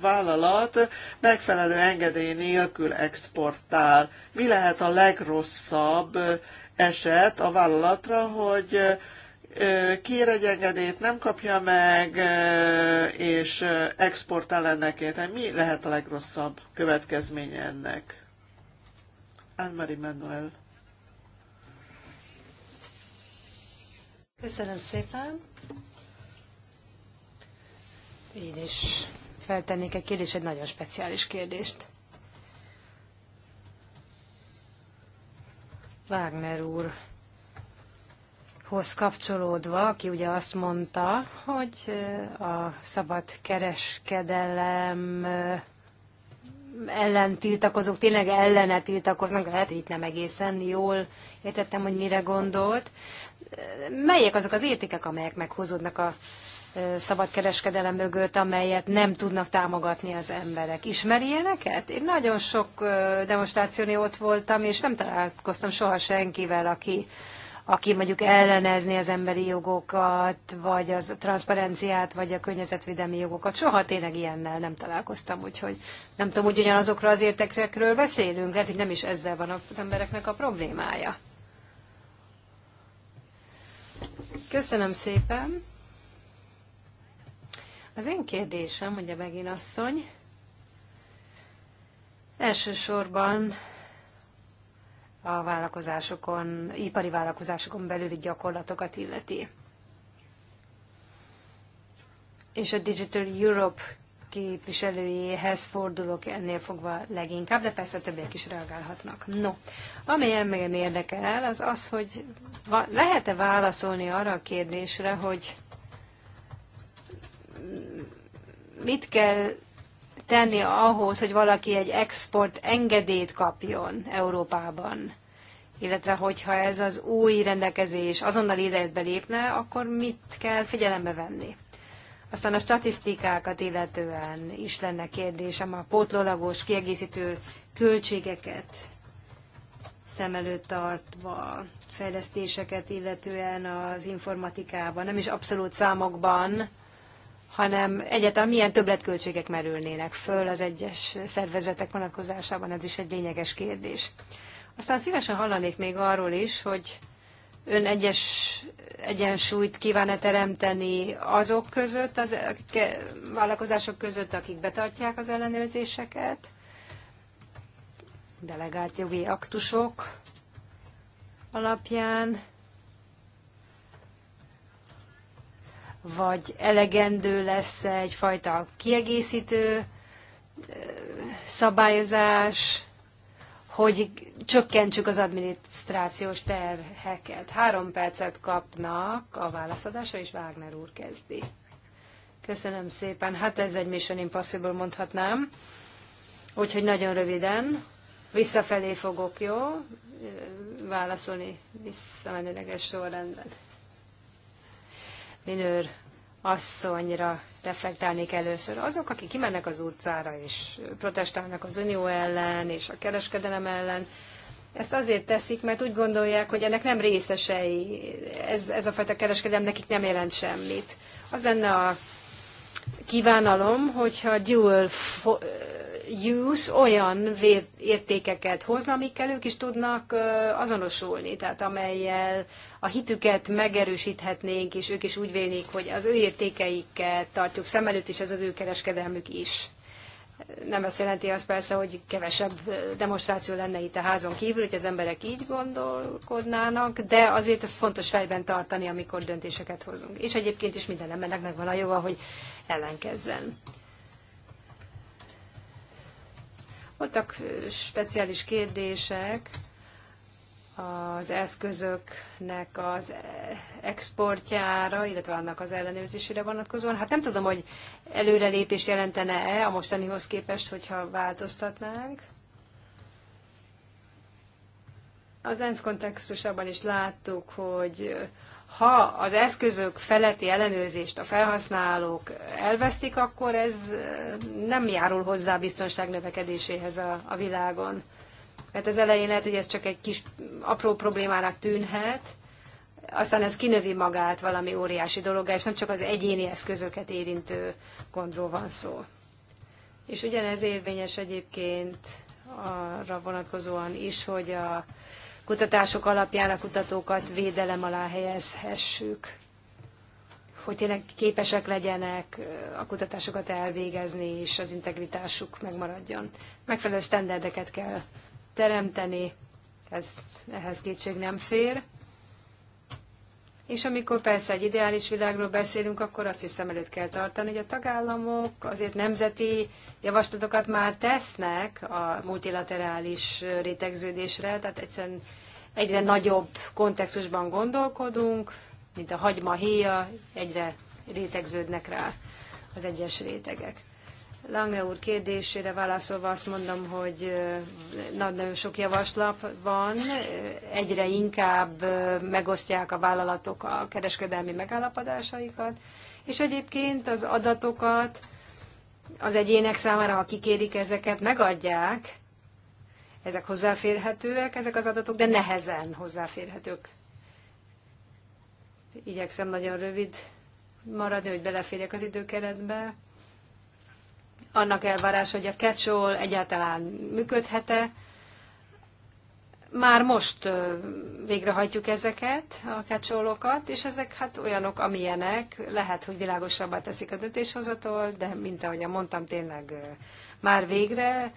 vállalat megfelelő engedély nélkül exportál. Mi lehet a legrosszabb eset a vállalatra, hogy kér egy engedélyt, nem kapja meg, és exportál ennek érte. Mi lehet a legrosszabb következménye ennek? Anne-Marie Manuel. Köszönöm szépen. Így is feltennék egy kérdés, egy nagyon speciális kérdést. Wagner úr hoz kapcsolódva, aki ugye azt mondta, hogy a szabad kereskedelem ellen tiltakozók tényleg ellene tiltakoznak, lehet, hogy itt nem egészen jól értettem, hogy mire gondolt. Melyek azok az értékek, amelyek meghozódnak a szabadkereskedelem mögött, amelyet nem tudnak támogatni az emberek. Ismeri ilyeneket? Én nagyon sok demonstrációni ott voltam, és nem találkoztam soha senkivel, aki, aki mondjuk ellenezni az emberi jogokat, vagy a transzparenciát, vagy a környezetvédelmi jogokat. Soha tényleg ilyennel nem találkoztam, úgyhogy nem tudom, hogy ugyanazokra az értekekről beszélünk. Lehet, hogy nem is ezzel van az embereknek a problémája. Köszönöm szépen! Az én kérdésem, mondja megint asszony, elsősorban a vállalkozásokon, ipari vállalkozásokon belüli gyakorlatokat illeti. És a Digital Europe képviselőjéhez fordulok ennél fogva leginkább, de persze többiek is reagálhatnak. No, ami engem érdekel, az az, hogy lehet-e válaszolni arra a kérdésre, hogy mit kell tenni ahhoz, hogy valaki egy export engedélyt kapjon Európában? Illetve, hogyha ez az új rendelkezés azonnal életbe lépne, akkor mit kell figyelembe venni? Aztán a statisztikákat illetően is lenne kérdésem a pótlólagos kiegészítő költségeket szem előtt tartva, fejlesztéseket illetően az informatikában, nem is abszolút számokban, hanem egyáltalán milyen többletköltségek merülnének föl az egyes szervezetek vonatkozásában, ez is egy lényeges kérdés. Aztán szívesen hallanék még arról is, hogy ön egyes egyensúlyt kíván-e teremteni azok között, az akik, e, vállalkozások között, akik betartják az ellenőrzéseket, delegált jogi aktusok alapján, vagy elegendő lesz egyfajta kiegészítő szabályozás, hogy csökkentsük az adminisztrációs terheket. Három percet kapnak a válaszadásra, és Wagner úr kezdi. Köszönöm szépen. Hát ez egy Mission Impossible mondhatnám. Úgyhogy nagyon röviden. Visszafelé fogok, jó? Válaszolni visszamenőleges sorrendben. Minőr asszonyra reflektálnék először. Azok, akik kimennek az utcára és protestálnak az unió ellen és a kereskedelem ellen, ezt azért teszik, mert úgy gondolják, hogy ennek nem részesei, ez, ez a fajta kereskedelem nekik nem jelent semmit. Az lenne a kívánalom, hogyha dual use olyan értékeket hozna, amikkel ők is tudnak azonosulni, tehát amelyel a hitüket megerősíthetnénk, és ők is úgy vélnék, hogy az ő értékeiket tartjuk szem előtt, és ez az ő kereskedelmük is. Nem ezt jelenti azt persze, hogy kevesebb demonstráció lenne itt a házon kívül, hogy az emberek így gondolkodnának, de azért ez fontos fejben tartani, amikor döntéseket hozunk. És egyébként is minden embernek megvan a joga, hogy ellenkezzen. Voltak speciális kérdések az eszközöknek az e, exportjára, illetve annak az ellenőrzésére vonatkozóan. Hát nem tudom, hogy előrelépés jelentene-e a mostanihoz képest, hogyha változtatnánk. Az ENSZ kontextusában is láttuk, hogy ha az eszközök feletti ellenőrzést a felhasználók elvesztik, akkor ez eh, nem járul hozzá a biztonság növekedéséhez a, a világon. Mert hát az elején lehet, hogy ez csak egy kis apró problémának tűnhet, aztán ez kinövi magát valami óriási dologra, és nem csak az egyéni eszközöket érintő gondról van szó. És ugyanez érvényes egyébként arra vonatkozóan is, hogy a, kutatások alapján a kutatókat védelem alá helyezhessük, hogy tényleg képesek legyenek a kutatásokat elvégezni, és az integritásuk megmaradjon. Megfelelő standardeket kell teremteni, ez ehhez kétség nem fér. És amikor persze egy ideális világról beszélünk, akkor azt is szem előtt kell tartani, hogy a tagállamok azért nemzeti javaslatokat már tesznek a multilaterális rétegződésre, tehát egyszerűen egyre nagyobb kontextusban gondolkodunk, mint a hagyma héja, egyre rétegződnek rá az egyes rétegek. Lange úr kérdésére válaszolva azt mondom, hogy nagyon sok javaslat van, egyre inkább megosztják a vállalatok a kereskedelmi megállapodásaikat, és egyébként az adatokat az egyének számára, ha kikérik ezeket, megadják, ezek hozzáférhetőek, ezek az adatok, de nehezen hozzáférhetők. Igyekszem nagyon rövid maradni, hogy beleférjek az időkeretbe annak elvárás, hogy a catch egyáltalán működhet-e. Már most végrehajtjuk ezeket, a catch és ezek hát olyanok, amilyenek. Lehet, hogy világosabbá teszik a döntéshozatól, de mint ahogy mondtam, tényleg már végre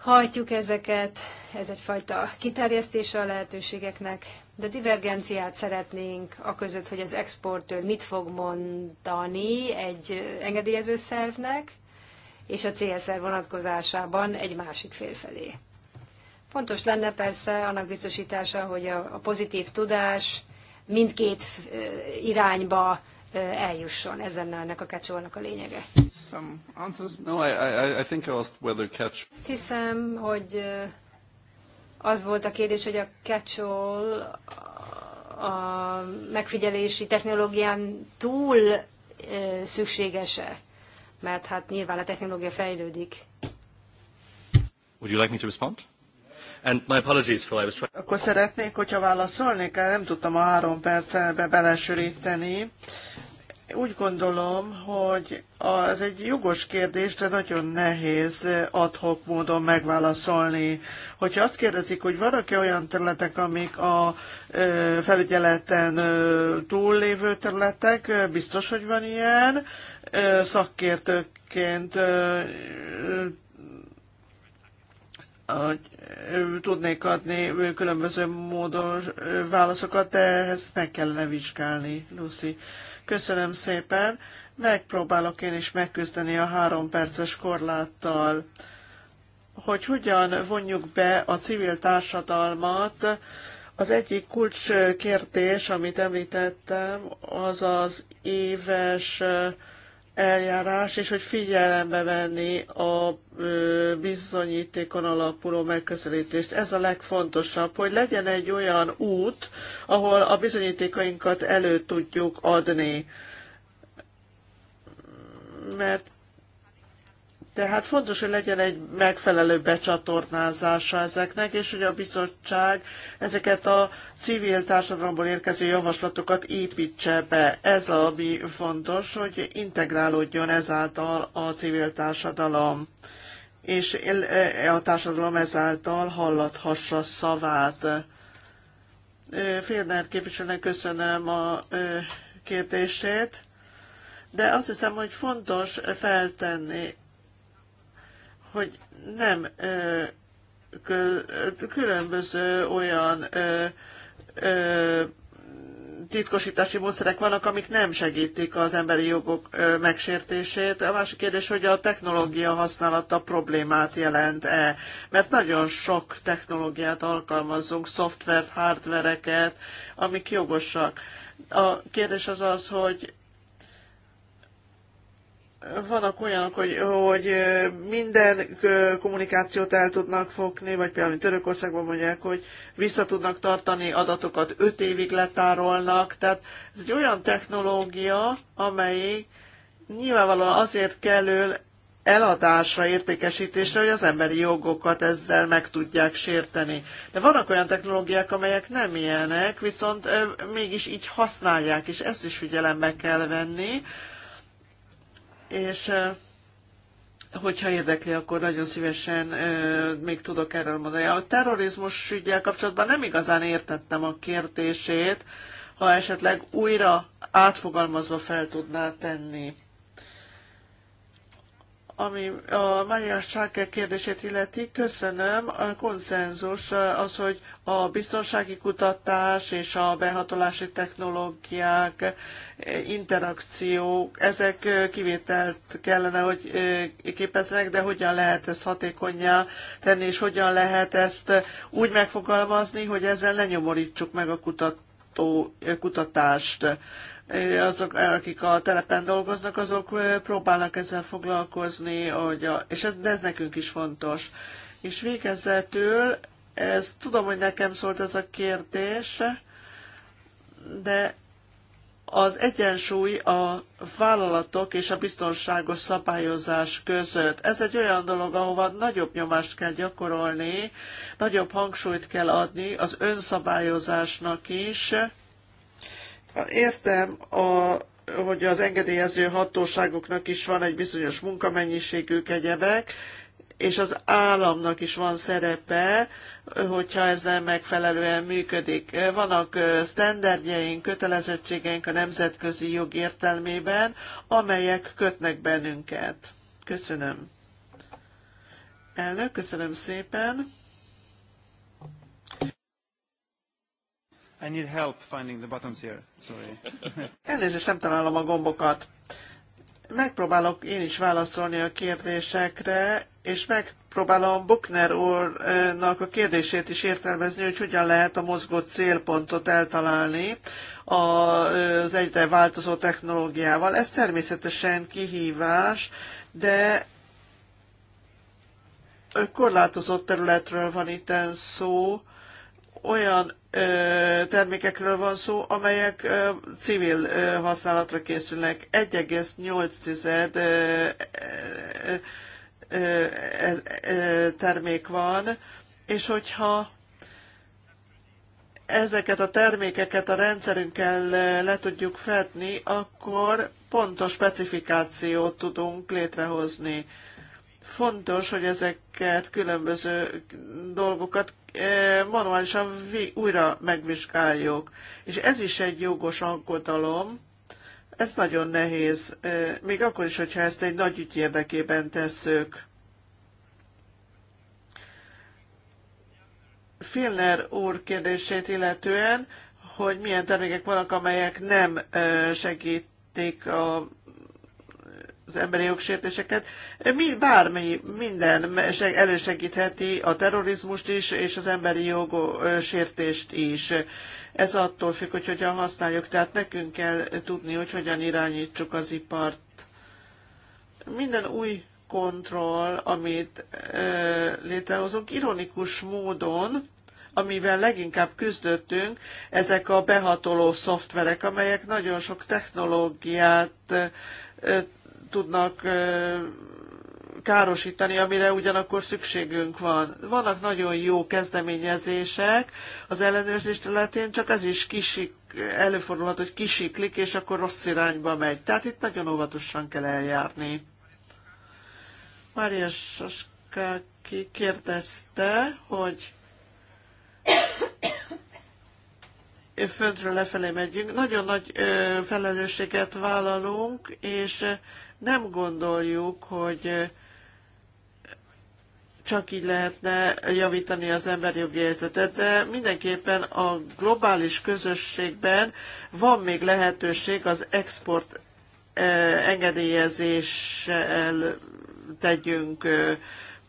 hajtjuk ezeket. Ez egyfajta kiterjesztése a lehetőségeknek, de divergenciát szeretnénk a között, hogy az exportőr mit fog mondani egy engedélyező szervnek, és a célszer vonatkozásában egy másik fél felé. Fontos lenne persze annak biztosítása, hogy a, pozitív tudás mindkét irányba eljusson. Ez lenne ennek a kecsolnak a lényege. No, I, I, I think I whether catch... Azt hiszem, hogy az volt a kérdés, hogy a catch-all a megfigyelési technológián túl szükséges-e? mert hát nyilván a technológia fejlődik. Would you like me to respond? And my apologies for I was trying... Akkor szeretnék, hogyha válaszolnék, nem tudtam a három percbe belesüríteni. Úgy gondolom, hogy az egy jogos kérdés, de nagyon nehéz adhok módon megválaszolni. Hogyha azt kérdezik, hogy vannak-e olyan területek, amik a felügyeleten túllévő területek, biztos, hogy van ilyen szakértőként tudnék adni különböző módon válaszokat, de ezt meg kellene vizsgálni, Lucy. Köszönöm szépen. Megpróbálok én is megküzdeni a három perces korláttal, hogy hogyan vonjuk be a civil társadalmat. Az egyik kulcs kérdés, amit említettem, az az éves eljárás, és hogy figyelembe venni a bizonyítékon alapuló megközelítést. Ez a legfontosabb, hogy legyen egy olyan út, ahol a bizonyítékainkat elő tudjuk adni. Mert tehát fontos, hogy legyen egy megfelelő becsatornázása ezeknek, és hogy a bizottság ezeket a civil társadalomból érkező javaslatokat építse be. Ez a, ami fontos, hogy integrálódjon ezáltal a civil társadalom, és e, a társadalom ezáltal hallathassa szavát. Félner képviselőnek köszönöm a kérdését de azt hiszem, hogy fontos feltenni hogy nem különböző olyan titkosítási módszerek vannak, amik nem segítik az emberi jogok megsértését. A másik kérdés, hogy a technológia használata problémát jelent-e, mert nagyon sok technológiát alkalmazunk, szoftvert, hardvereket, amik jogosak. A kérdés az az, hogy vannak olyanok, hogy, hogy minden kommunikációt el tudnak fogni, vagy például Törökországban mondják, hogy vissza tudnak tartani adatokat, öt évig letárolnak. Tehát ez egy olyan technológia, amely nyilvánvalóan azért kellől eladásra, értékesítésre, hogy az emberi jogokat ezzel meg tudják sérteni. De vannak olyan technológiák, amelyek nem ilyenek, viszont mégis így használják, és ezt is figyelembe kell venni, és hogyha érdekli, akkor nagyon szívesen még tudok erről mondani. A terrorizmus ügyel kapcsolatban nem igazán értettem a kérdését, ha esetleg újra átfogalmazva fel tudná tenni ami a magyarság kérdését illeti, köszönöm. A konszenzus az, hogy a biztonsági kutatás és a behatolási technológiák, interakciók, ezek kivételt kellene, hogy képeznek, de hogyan lehet ezt hatékonyá tenni, és hogyan lehet ezt úgy megfogalmazni, hogy ezzel lenyomorítsuk meg a kutató, kutatást azok, akik a telepen dolgoznak, azok próbálnak ezzel foglalkozni, hogy a, és ez, ez nekünk is fontos. És végezetül, ez tudom, hogy nekem szólt ez a kérdés, de az egyensúly a vállalatok és a biztonságos szabályozás között. Ez egy olyan dolog, ahova nagyobb nyomást kell gyakorolni, nagyobb hangsúlyt kell adni az önszabályozásnak is, Értem, a, hogy az engedélyező hatóságoknak is van egy bizonyos munkamennyiségük, egyebek, és az államnak is van szerepe, hogyha ez nem megfelelően működik. Vannak sztenderdjeink, kötelezettségeink a nemzetközi jog értelmében, amelyek kötnek bennünket. Köszönöm. Elnök, köszönöm szépen. I need help finding the buttons here. Sorry. Elnézést, nem találom a gombokat. Megpróbálok én is válaszolni a kérdésekre, és megpróbálom Buckner úrnak a kérdését is értelmezni, hogy hogyan lehet a mozgó célpontot eltalálni az egyre változó technológiával. Ez természetesen kihívás, de korlátozott területről van itt szó, olyan termékekről van szó, amelyek civil használatra készülnek. 1,8 termék van, és hogyha ezeket a termékeket a rendszerünkkel le tudjuk fedni, akkor pontos specifikációt tudunk létrehozni. Fontos, hogy ezeket különböző dolgokat eh, manuálisan újra megvizsgáljuk. És ez is egy jogos alkotalom. ez nagyon nehéz, eh, még akkor is, hogyha ezt egy nagy ügy érdekében tesszük. Filner úr kérdését illetően, hogy milyen termékek vannak, amelyek nem eh, segítik a az emberi jogsértéseket. Mi, bármi, minden elősegítheti a terrorizmust is, és az emberi sértést is. Ez attól függ, hogy hogyan használjuk, tehát nekünk kell tudni, hogy hogyan irányítsuk az ipart. Minden új kontroll, amit ö, létrehozunk, ironikus módon amivel leginkább küzdöttünk, ezek a behatoló szoftverek, amelyek nagyon sok technológiát tudnak károsítani, amire ugyanakkor szükségünk van. Vannak nagyon jó kezdeményezések az ellenőrzés területén, csak ez is kisik, előfordulhat, hogy kisiklik, és akkor rossz irányba megy. Tehát itt nagyon óvatosan kell eljárni. Mária Saska kérdezte, hogy föntről lefelé megyünk. Nagyon nagy felelősséget vállalunk, és nem gondoljuk, hogy eh, csak így lehetne javítani az emberi jogi helyzetet, de mindenképpen a globális közösségben van még lehetőség az export eh, engedélyezéssel tegyünk eh,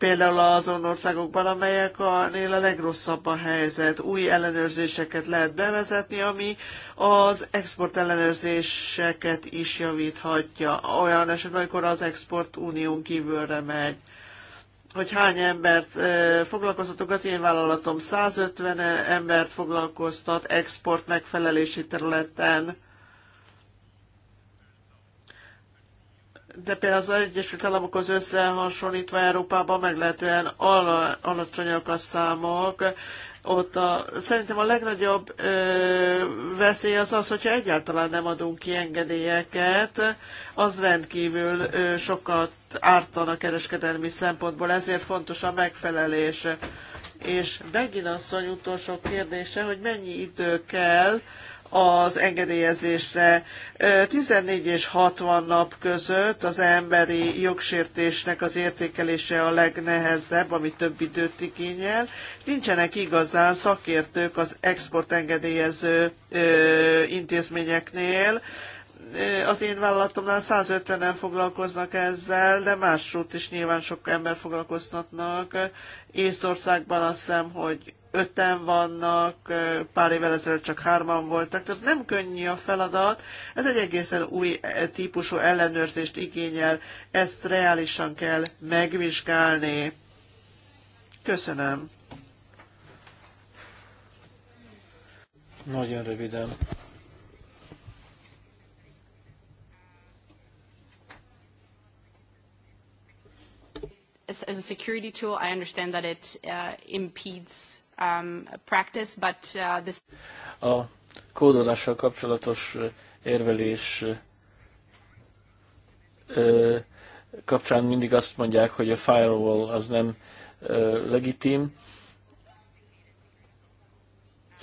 például azon országokban, amelyek a a legrosszabb a helyzet. Új ellenőrzéseket lehet bevezetni, ami az export ellenőrzéseket is javíthatja. Olyan esetben, amikor az export unión kívülre megy hogy hány embert foglalkoztatok, az én vállalatom 150 embert foglalkoztat export megfelelési területen de például az Egyesült Államokhoz összehasonlítva Európában meglehetően al- alacsonyak a számok. Ott a, szerintem a legnagyobb ö, veszély az az, hogyha egyáltalán nem adunk ki engedélyeket, az rendkívül ö, sokat ártan a kereskedelmi szempontból, ezért fontos a megfelelés. És Begin asszony utolsó kérdése, hogy mennyi idő kell az engedélyezésre. 14 és 60 nap között az emberi jogsértésnek az értékelése a legnehezebb, ami több időt igényel. Nincsenek igazán szakértők az exportengedélyező intézményeknél, az én vállalatomnál 150-en foglalkoznak ezzel, de másút is nyilván sok ember foglalkoztatnak. Észtországban azt hiszem, hogy öten vannak, pár évvel ezelőtt csak hárman voltak, tehát nem könnyű a feladat. Ez egy egészen új e, típusú ellenőrzést igényel, ezt reálisan kell megvizsgálni. Köszönöm. Nagyon röviden. As, a security tool, I understand that it uh, impedes um, practice, but uh, this... A kódolással kapcsolatos uh, érvelés ö, uh, uh, kapcsán mindig azt mondják, hogy a firewall az nem ö, legitim,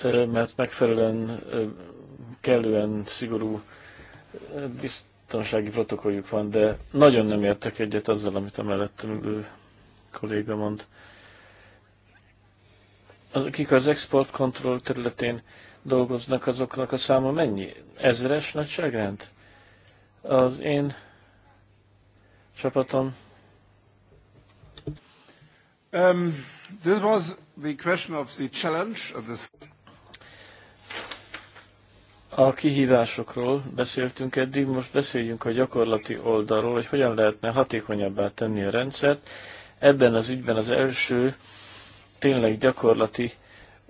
ö, mert megfelelően ö, kellően szigorú biztonsági protokolljuk van, de nagyon nem értek egyet azzal, amit a mellettem ülő kolléga mond. Ö, akik az export control területén dolgoznak, azoknak a száma mennyi? Ezres nagyságrend? Az én csapatom. Um, this was the question of the challenge of this. A kihívásokról beszéltünk eddig, most beszéljünk a gyakorlati oldalról, hogy hogyan lehetne hatékonyabbá tenni a rendszert. Ebben az ügyben az első tényleg gyakorlati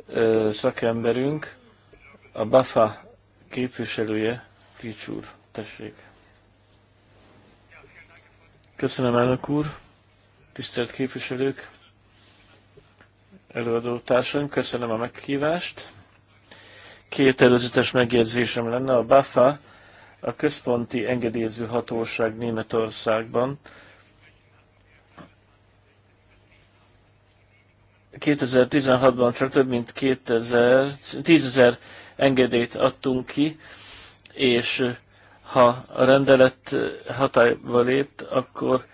ö, szakemberünk, a BAFA képviselője, Kicsúr. Tessék. Köszönöm, elnök úr, tisztelt képviselők, előadó társam, köszönöm a meghívást. Két előzetes megjegyzésem lenne. A BAFA a központi engedélyező hatóság Németországban, 2016-ban csak több mint 2000, 10 ezer engedélyt adtunk ki, és ha a rendelet hatályba lépt, akkor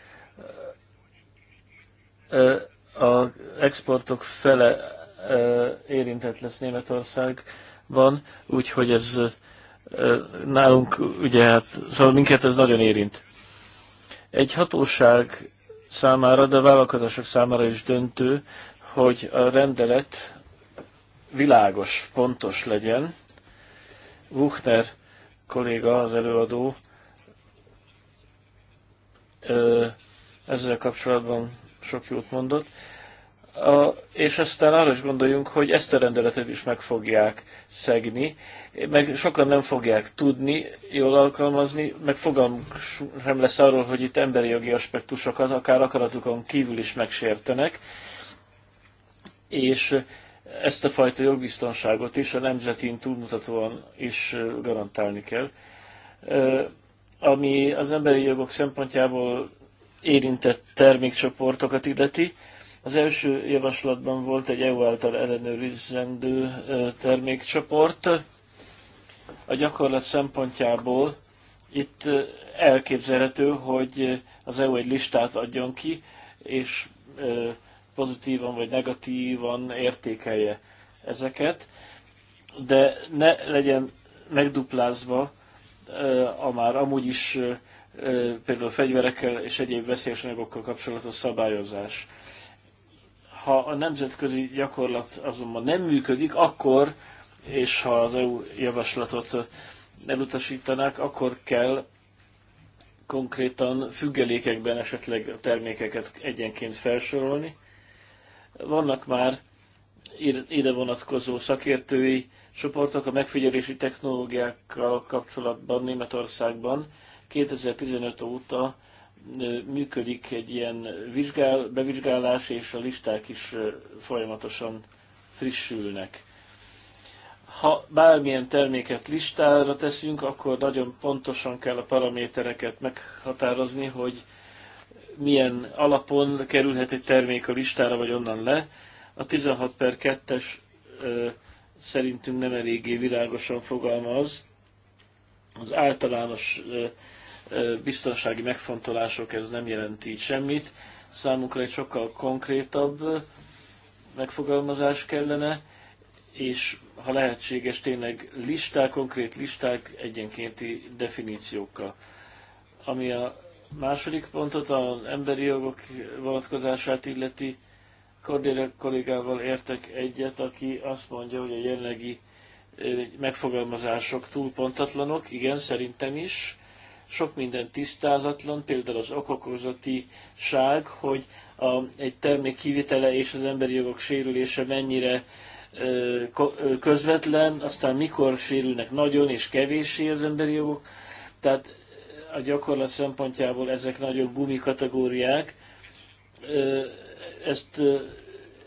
az exportok fele érintett lesz Németországban, úgyhogy ez nálunk, ugye hát, szóval minket ez nagyon érint. Egy hatóság számára, de vállalkozások számára is döntő, hogy a rendelet világos, pontos legyen. Wuchner kolléga, az előadó, ezzel kapcsolatban sok jót mondott. A, és aztán arra is gondoljunk, hogy ezt a rendeletet is meg fogják szegni, meg sokan nem fogják tudni jól alkalmazni, meg fogam sem lesz arról, hogy itt emberi jogi aspektusokat akár akaratukon kívül is megsértenek, és ezt a fajta jogbiztonságot is a nemzetén túlmutatóan is garantálni kell. Ami az emberi jogok szempontjából érintett termékcsoportokat illeti, az első javaslatban volt egy EU által ellenőrizendő termékcsoport. A gyakorlat szempontjából itt elképzelhető, hogy az EU egy listát adjon ki, és pozitívan vagy negatívan értékelje ezeket, de ne legyen megduplázva a már amúgy is például fegyverekkel és egyéb veszélyes anyagokkal kapcsolatos szabályozás. Ha a nemzetközi gyakorlat azonban nem működik, akkor, és ha az EU javaslatot elutasítanák, akkor kell konkrétan függelékekben esetleg termékeket egyenként felsorolni, vannak már ide vonatkozó szakértői csoportok a megfigyelési technológiákkal kapcsolatban Németországban. 2015 óta működik egy ilyen vizsgál, bevizsgálás, és a listák is folyamatosan frissülnek. Ha bármilyen terméket listára teszünk, akkor nagyon pontosan kell a paramétereket meghatározni, hogy milyen alapon kerülhet egy termék a listára, vagy onnan le. A 16 per 2-es szerintünk nem eléggé világosan fogalmaz. Az általános biztonsági megfontolások ez nem jelenti semmit. Számunkra egy sokkal konkrétabb megfogalmazás kellene, és ha lehetséges, tényleg listák, konkrét listák egyenkénti definíciókkal. Ami a második pontot, az emberi jogok vonatkozását illeti, Kordére kollégával értek egyet, aki azt mondja, hogy a jelenlegi megfogalmazások túlpontatlanok, igen, szerintem is. Sok minden tisztázatlan, például az okokozati ság, hogy a, egy termék kivitele és az emberi jogok sérülése mennyire ö, közvetlen, aztán mikor sérülnek nagyon és kevéssé az emberi jogok. Tehát a gyakorlat szempontjából ezek nagyobb gumi kategóriák. Ezt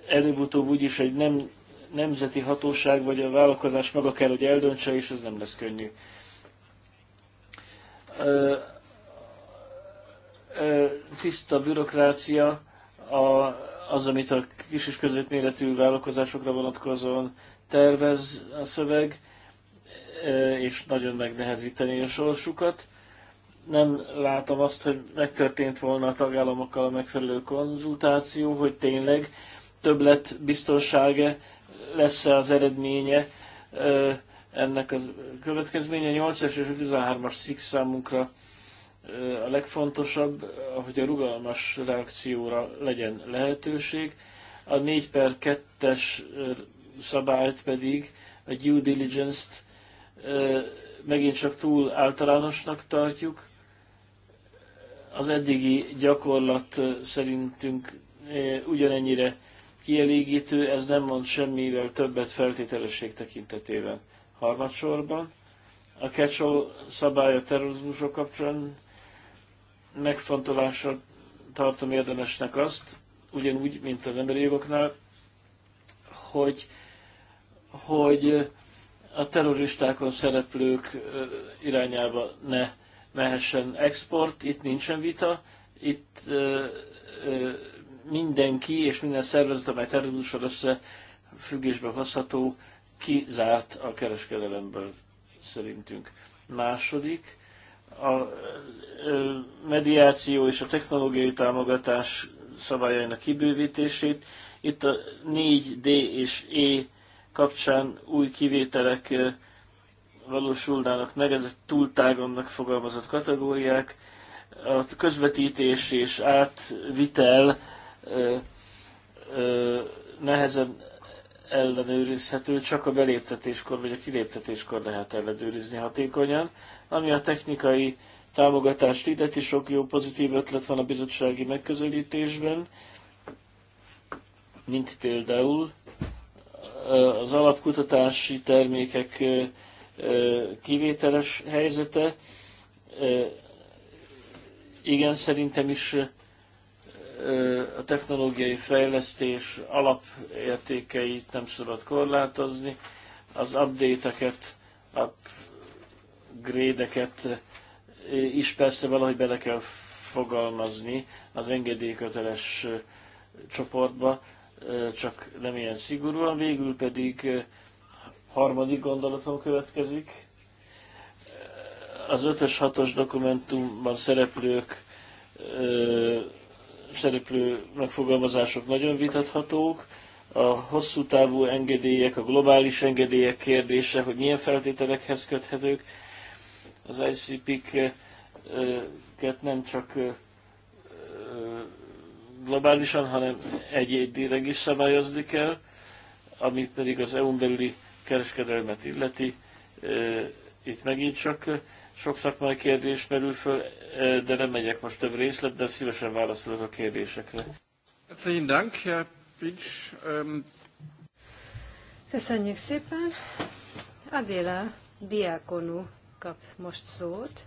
előbb-utóbb úgyis egy nem, nemzeti hatóság vagy a vállalkozás maga kell, hogy eldöntse, és ez nem lesz könnyű. Tiszta bürokrácia a, az, amit a kis és középméretű vállalkozásokra vonatkozóan tervez a szöveg, és nagyon megnehezíteni a sorsukat nem látom azt, hogy megtörtént volna a tagállamokkal a megfelelő konzultáció, hogy tényleg többlet biztonsága lesz -e az eredménye ennek a következménye. 8-as és 13-as szik számunkra a legfontosabb, hogy a rugalmas reakcióra legyen lehetőség. A 4 per 2-es szabályt pedig, a due diligence-t megint csak túl általánosnak tartjuk, az eddigi gyakorlat szerintünk ugyanennyire kielégítő, ez nem mond semmivel többet feltételesség tekintetében. Harmadsorban a catch szabály a terrorizmusok kapcsán megfontolásra tartom érdemesnek azt, ugyanúgy, mint az emberi jogoknál, hogy, hogy a terroristákon szereplők irányába ne mehessen export, itt nincsen vita, itt ö, ö, mindenki és minden szervezet, amely terrorizmussal összefüggésbe hozható, kizárt a kereskedelemből szerintünk. Második, a ö, mediáció és a technológiai támogatás szabályainak kibővítését. Itt a 4D és E kapcsán új kivételek valósulnának meg, ezek túltágonnak fogalmazott kategóriák, a közvetítés és átvitel ö, ö, nehezen ellenőrizhető, csak a beléptetéskor vagy a kiléptetéskor lehet ellenőrizni hatékonyan. Ami a technikai támogatást illeti, sok jó pozitív ötlet van a bizottsági megközelítésben, mint például az alapkutatási termékek kivételes helyzete. Igen, szerintem is a technológiai fejlesztés alapértékeit nem szabad korlátozni, az update-eket, upgrade-eket is persze valahogy bele kell fogalmazni az engedélyköteles csoportba, csak nem ilyen szigorúan, végül pedig harmadik gondolatom következik. Az 5-ös, 6-os dokumentumban szereplők, szereplő megfogalmazások nagyon vitathatók. A hosszú távú engedélyek, a globális engedélyek kérdése, hogy milyen feltételekhez köthetők. Az ICP-ket nem csak globálisan, hanem egyéb is szabályozni kell, ami pedig az EU-n belüli kereskedelmet illeti, itt megint csak sok szakmai kérdés merül föl, de nem megyek most több részletbe, szívesen válaszolok a kérdésekre. Ähm, Köszönjük szépen. Adéla Diákonú kap most szót,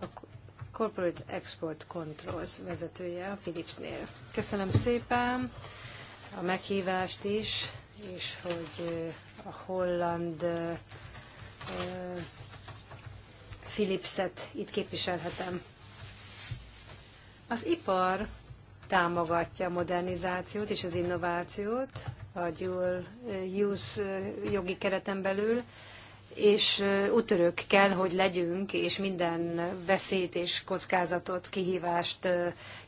a Corporate Export Controls vezetője a Philipsnél. Köszönöm szépen a meghívást is, és hogy a holland Philipset itt képviselhetem. Az ipar támogatja a modernizációt és az innovációt a dual use jogi kereten belül, és utörök kell, hogy legyünk, és minden veszélyt és kockázatot, kihívást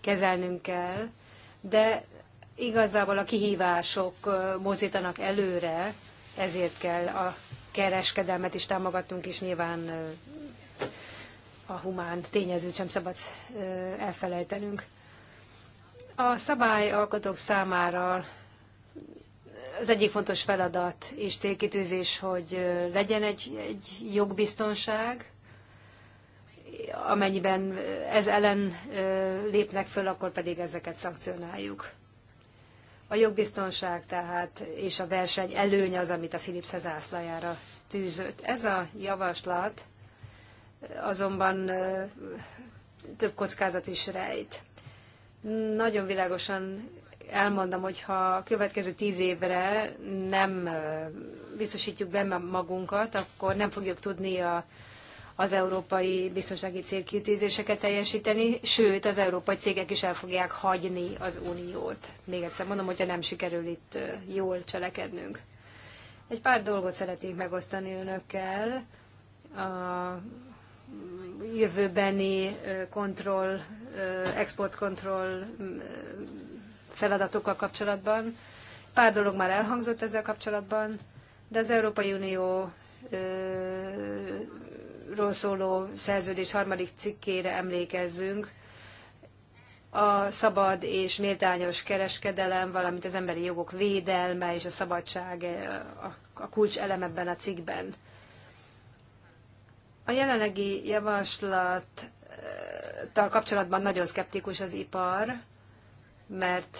kezelnünk kell, de igazából a kihívások mozítanak előre, ezért kell a kereskedelmet is támogatnunk, és nyilván a humán tényezőt sem szabad elfelejtenünk. A szabályalkotók számára az egyik fontos feladat és célkitűzés, hogy legyen egy, egy jogbiztonság, amennyiben ez ellen lépnek föl, akkor pedig ezeket szankcionáljuk. A jogbiztonság tehát és a verseny előny az, amit a Philips zászlajára tűzött. Ez a javaslat azonban több kockázat is rejt. Nagyon világosan elmondom, hogy ha a következő tíz évre nem biztosítjuk be magunkat, akkor nem fogjuk tudni a az európai biztonsági célkitűzéseket teljesíteni, sőt, az európai cégek is el fogják hagyni az uniót. Még egyszer mondom, hogyha nem sikerül itt jól cselekednünk. Egy pár dolgot szeretnék megosztani önökkel. A jövőbeni kontroll, exportkontroll feladatokkal kapcsolatban. Pár dolog már elhangzott ezzel kapcsolatban, de az Európai Unió ról szóló szerződés harmadik cikkére emlékezzünk, a szabad és méltányos kereskedelem, valamint az emberi jogok védelme és a szabadság eh, a kulcs elem ebben a cikkben. A jelenlegi javaslattal kapcsolatban nagyon szkeptikus az ipar, mert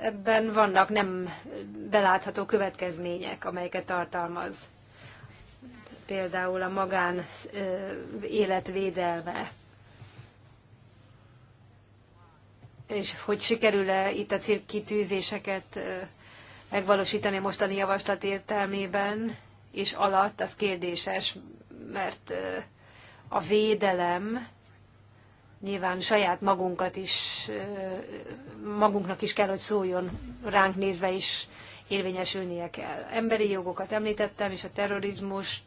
ebben vannak nem belátható következmények, amelyeket tartalmaz például a magán életvédelme. És hogy sikerül-e itt a kitűzéseket megvalósítani a mostani javaslat értelmében és alatt, az kérdéses, mert a védelem nyilván saját magunkat is, magunknak is kell, hogy szóljon ránk nézve is érvényesülnie kell. Emberi jogokat említettem, és a terrorizmust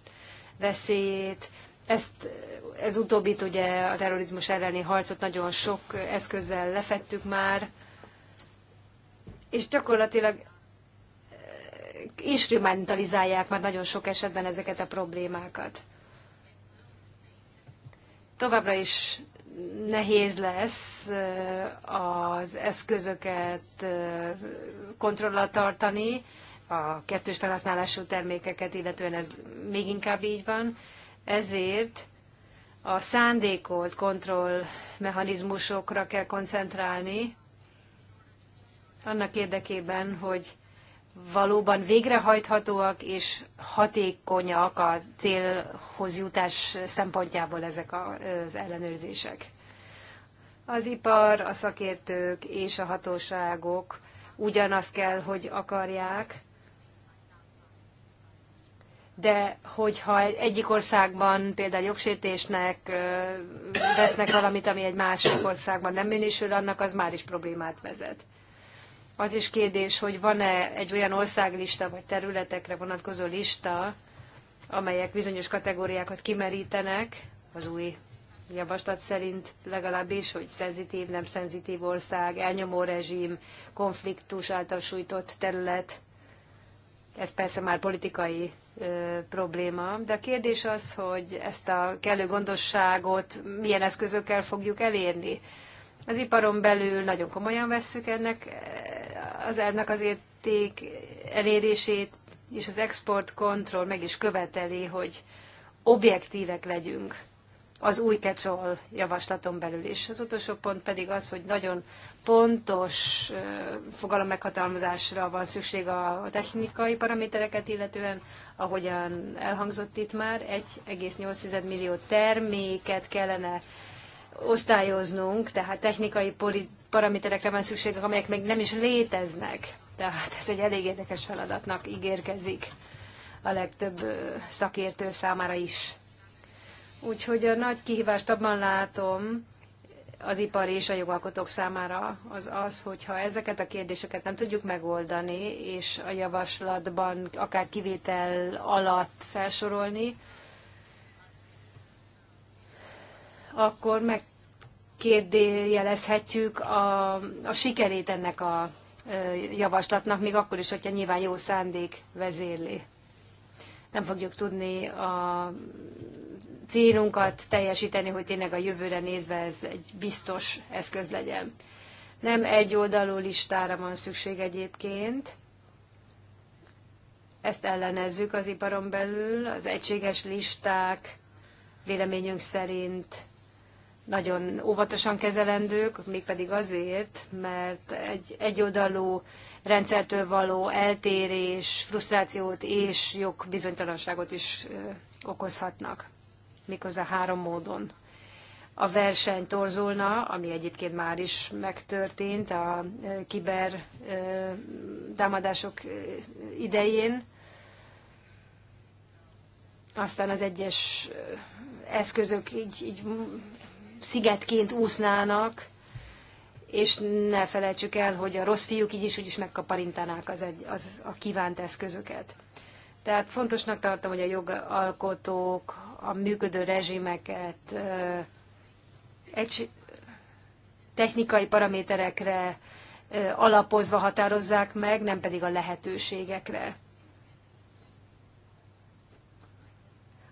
veszélyét. Ezt, ez utóbbit ugye a terrorizmus elleni harcot nagyon sok eszközzel lefettük már, és gyakorlatilag eh, instrumentalizálják már nagyon sok esetben ezeket a problémákat. Továbbra is nehéz lesz eh, az eszközöket eh, kontrollra tartani, a kettős felhasználású termékeket, illetően ez még inkább így van. Ezért a szándékolt kontrollmechanizmusokra kell koncentrálni, annak érdekében, hogy valóban végrehajthatóak és hatékonyak a célhoz jutás szempontjából ezek az ellenőrzések. Az ipar, a szakértők és a hatóságok ugyanazt kell, hogy akarják, de hogyha egyik országban például jogsértésnek vesznek valamit, ami egy másik országban nem minősül, annak az már is problémát vezet. Az is kérdés, hogy van-e egy olyan országlista vagy területekre vonatkozó lista, amelyek bizonyos kategóriákat kimerítenek, az új javaslat szerint legalábbis, hogy szenzitív, nem szenzitív ország, elnyomó rezsim, konfliktus által sújtott terület, ez persze már politikai ö, probléma, de a kérdés az, hogy ezt a kellő gondosságot milyen eszközökkel fogjuk elérni. Az iparon belül nagyon komolyan vesszük ennek az elvnek az érték elérését, és az export kontroll meg is követeli, hogy objektívek legyünk az új kecsol javaslaton belül is. Az utolsó pont pedig az, hogy nagyon pontos fogalom meghatalmazásra van szükség a technikai paramétereket, illetően, ahogyan elhangzott itt már, 1,8 millió terméket kellene osztályoznunk, tehát technikai paraméterekre van szükség, amelyek még nem is léteznek. Tehát ez egy elég érdekes feladatnak ígérkezik a legtöbb szakértő számára is. Úgyhogy a nagy kihívást abban látom az ipar és a jogalkotók számára az az, hogyha ezeket a kérdéseket nem tudjuk megoldani, és a javaslatban akár kivétel alatt felsorolni, akkor megkérdőjelezhetjük a, a sikerét ennek a javaslatnak, még akkor is, hogyha nyilván jó szándék vezérli. Nem fogjuk tudni a célunkat teljesíteni, hogy tényleg a jövőre nézve ez egy biztos eszköz legyen. Nem egy oldalú listára van szükség egyébként. Ezt ellenezzük az iparon belül. Az egységes listák véleményünk szerint nagyon óvatosan kezelendők, mégpedig azért, mert egy egyoldalú rendszertől való eltérés, frusztrációt és jogbizonytalanságot is okozhatnak méghozzá három módon. A verseny torzulna, ami egyébként már is megtörtént a kiber támadások idején, aztán az egyes eszközök így, így szigetként úsznának, és ne felejtsük el, hogy a rossz fiúk így is, úgy is megkaparintanák az, egy, az a kívánt eszközöket. Tehát fontosnak tartom, hogy a jogalkotók a működő rezsimeket egy technikai paraméterekre alapozva határozzák meg, nem pedig a lehetőségekre.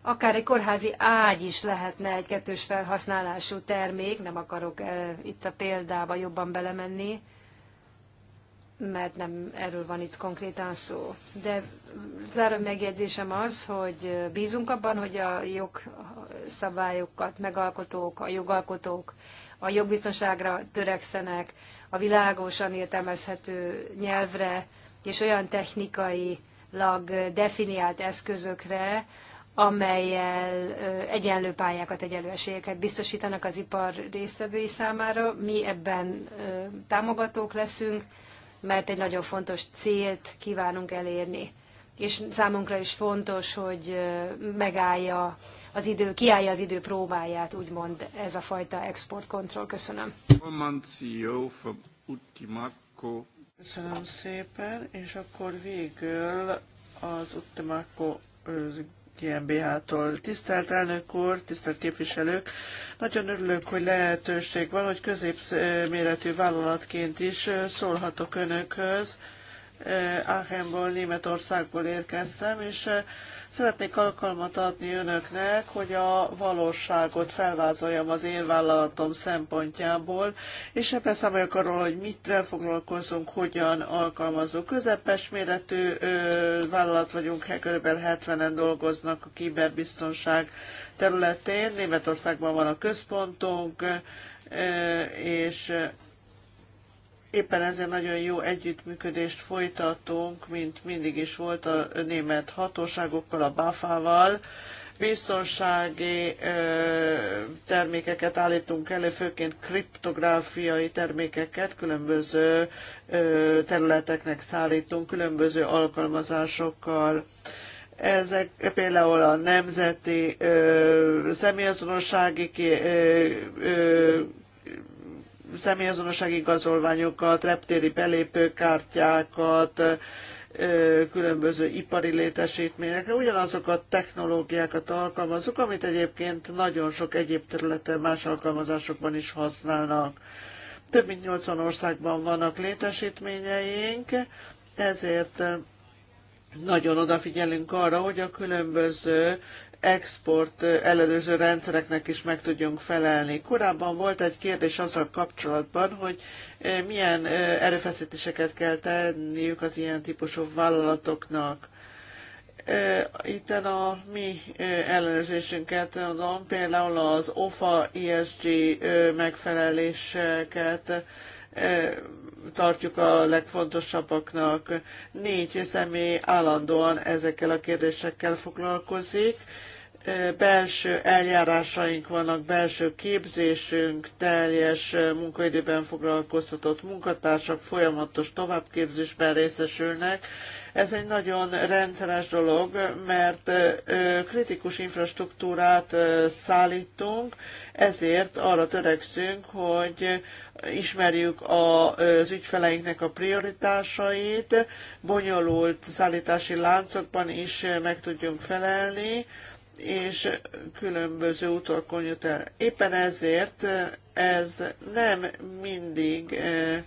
akár egy kórházi ágy is lehetne egy kettős felhasználású termék, nem akarok itt a példába jobban belemenni, mert nem erről van itt konkrétan szó. De záró megjegyzésem az, hogy bízunk abban, hogy a jogszabályokat megalkotók, a jogalkotók a jogbiztonságra törekszenek, a világosan értelmezhető nyelvre és olyan technikailag definiált eszközökre, amelyel egyenlő pályákat, egyenlő esélyeket biztosítanak az ipar résztvevői számára. Mi ebben támogatók leszünk, mert egy nagyon fontos célt kívánunk elérni. És számunkra is fontos, hogy megállja az idő, kiállja az idő próbáját, úgymond ez a fajta exportkontroll. Köszönöm. E Köszönöm szépen, és akkor végül az Ultimaco GmbH-tól. Tisztelt elnök úr, tisztelt képviselők! Nagyon örülök, hogy lehetőség van, hogy középméretű vállalatként is szólhatok önökhöz. Aachenból, Németországból érkeztem, és Szeretnék alkalmat adni önöknek, hogy a valóságot felvázoljam az én vállalatom szempontjából, és ebben számoljak arról, hogy mitvel foglalkozunk, hogyan alkalmazunk. Közepes méretű ö, vállalat vagyunk, kb. 70-en dolgoznak a kiberbiztonság területén. Németországban van a központunk, és Éppen ezért nagyon jó együttműködést folytatunk, mint mindig is volt a német hatóságokkal, a BAFA-val. Biztonsági ö, termékeket állítunk elő, főként kriptográfiai termékeket különböző ö, területeknek szállítunk, különböző alkalmazásokkal. Ezek például a nemzeti ö, személyazonossági ö, ö, személyazonossági igazolványokat, reptéri belépőkártyákat, különböző ipari létesítményekre. Ugyanazokat a technológiákat alkalmazunk, amit egyébként nagyon sok egyéb területen más alkalmazásokban is használnak. Több mint 80 országban vannak létesítményeink, ezért nagyon odafigyelünk arra, hogy a különböző export ellenőrző rendszereknek is meg tudjunk felelni. Korábban volt egy kérdés azzal kapcsolatban, hogy milyen erőfeszítéseket kell tenniük az ilyen típusú vállalatoknak. Itten a mi ellenőrzésünket adom, például az OFA ESG megfeleléseket tartjuk a legfontosabbaknak. Négy személy állandóan ezekkel a kérdésekkel foglalkozik belső eljárásaink vannak, belső képzésünk, teljes munkaidőben foglalkoztatott munkatársak folyamatos továbbképzésben részesülnek. Ez egy nagyon rendszeres dolog, mert kritikus infrastruktúrát szállítunk, ezért arra törekszünk, hogy ismerjük az ügyfeleinknek a prioritásait, bonyolult szállítási láncokban is meg tudjunk felelni, és különböző utolkon jut el. Éppen ezért ez nem mindig eh,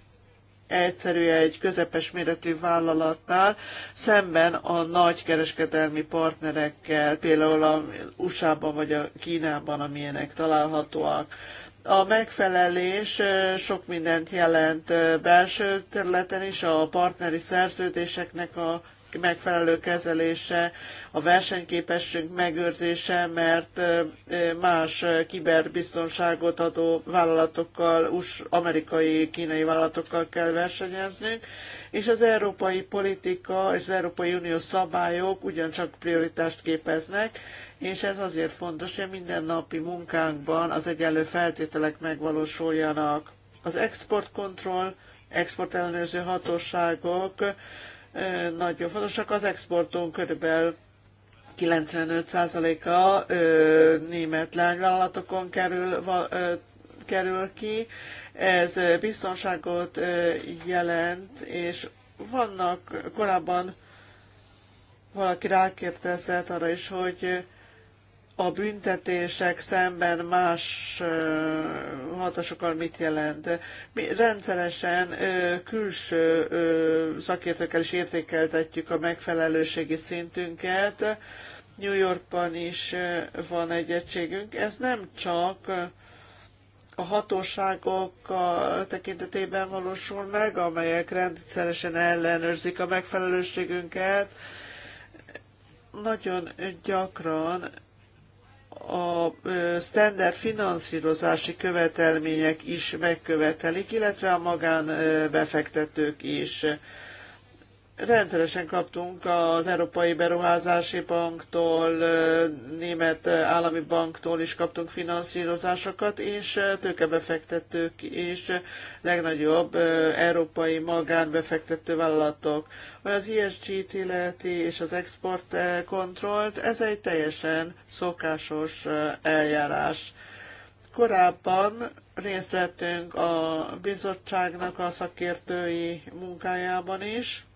egyszerű egy közepes méretű vállalatnál szemben a nagy kereskedelmi partnerekkel, például a USA-ban vagy a Kínában, amilyenek találhatóak. A megfelelés eh, sok mindent jelent eh, belső területen is, a partneri szerződéseknek a megfelelő kezelése, a versenyképességünk megőrzése, mert más kiberbiztonságot adó vállalatokkal, US, amerikai, kínai vállalatokkal kell versenyeznünk, és az európai politika és az Európai Unió szabályok ugyancsak prioritást képeznek, és ez azért fontos, hogy a mindennapi munkánkban az egyenlő feltételek megvalósuljanak. Az exportkontroll, exportellenőrző hatóságok nagyon fontosak. Az exportunk körülbelül 95%-a német lányvállalatokon kerül, kerül ki. Ez biztonságot jelent, és vannak korábban valaki rákérdezett arra is, hogy a büntetések szemben más hatásokkal mit jelent. Mi rendszeresen külső szakértőkkel is értékeltetjük a megfelelőségi szintünket. New Yorkban is van egy egységünk. Ez nem csak a hatóságok a tekintetében valósul meg, amelyek rendszeresen ellenőrzik a megfelelőségünket. Nagyon gyakran a standard finanszírozási követelmények is megkövetelik, illetve a magánbefektetők is. Rendszeresen kaptunk az Európai Beruházási Banktól, Német Állami Banktól is kaptunk finanszírozásokat, és tőkebefektetők és legnagyobb európai magánbefektetővállalatok hogy az ESG-t és az export eh, kontrollt, ez egy teljesen szokásos eh, eljárás. Korábban részt vettünk a bizottságnak a szakértői munkájában is.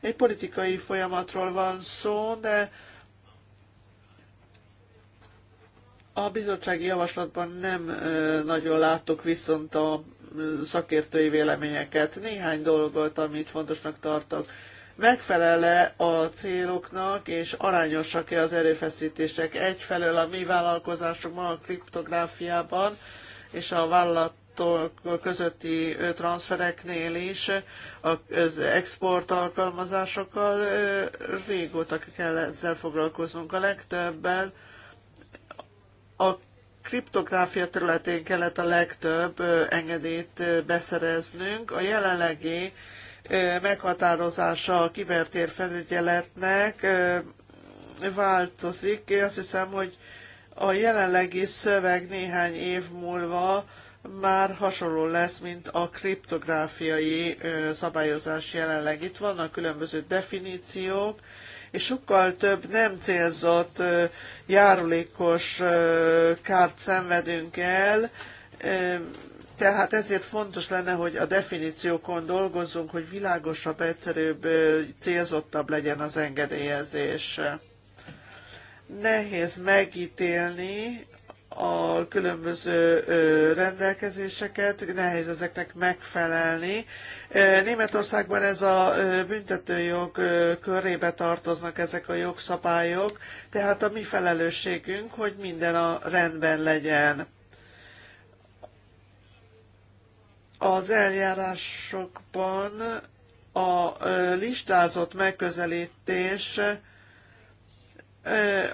Egy politikai folyamatról van szó, de a bizottsági javaslatban nem eh, nagyon láttuk viszont a mm, szakértői véleményeket. Néhány dolgot, amit fontosnak tartok megfelele a céloknak, és arányosak-e az erőfeszítések egyfelől a mi vállalkozásokban, a kriptográfiában, és a vállalatok közötti transfereknél is az export alkalmazásokkal régóta kell ezzel foglalkoznunk. A legtöbben a kriptográfia területén kellett a legtöbb engedélyt beszereznünk. A jelenlegi meghatározása a kibertér felügyeletnek változik. Azt hiszem, hogy a jelenlegi szöveg néhány év múlva már hasonló lesz, mint a kriptográfiai szabályozás jelenleg. Itt vannak különböző definíciók, és sokkal több nem célzott járulékos kárt szenvedünk el, tehát ezért fontos lenne, hogy a definíciókon dolgozzunk, hogy világosabb, egyszerűbb, célzottabb legyen az engedélyezés. Nehéz megítélni a különböző rendelkezéseket, nehéz ezeknek megfelelni. Németországban ez a büntetőjog körébe tartoznak ezek a jogszabályok, tehát a mi felelősségünk, hogy minden a rendben legyen Az eljárásokban a listázott megközelítés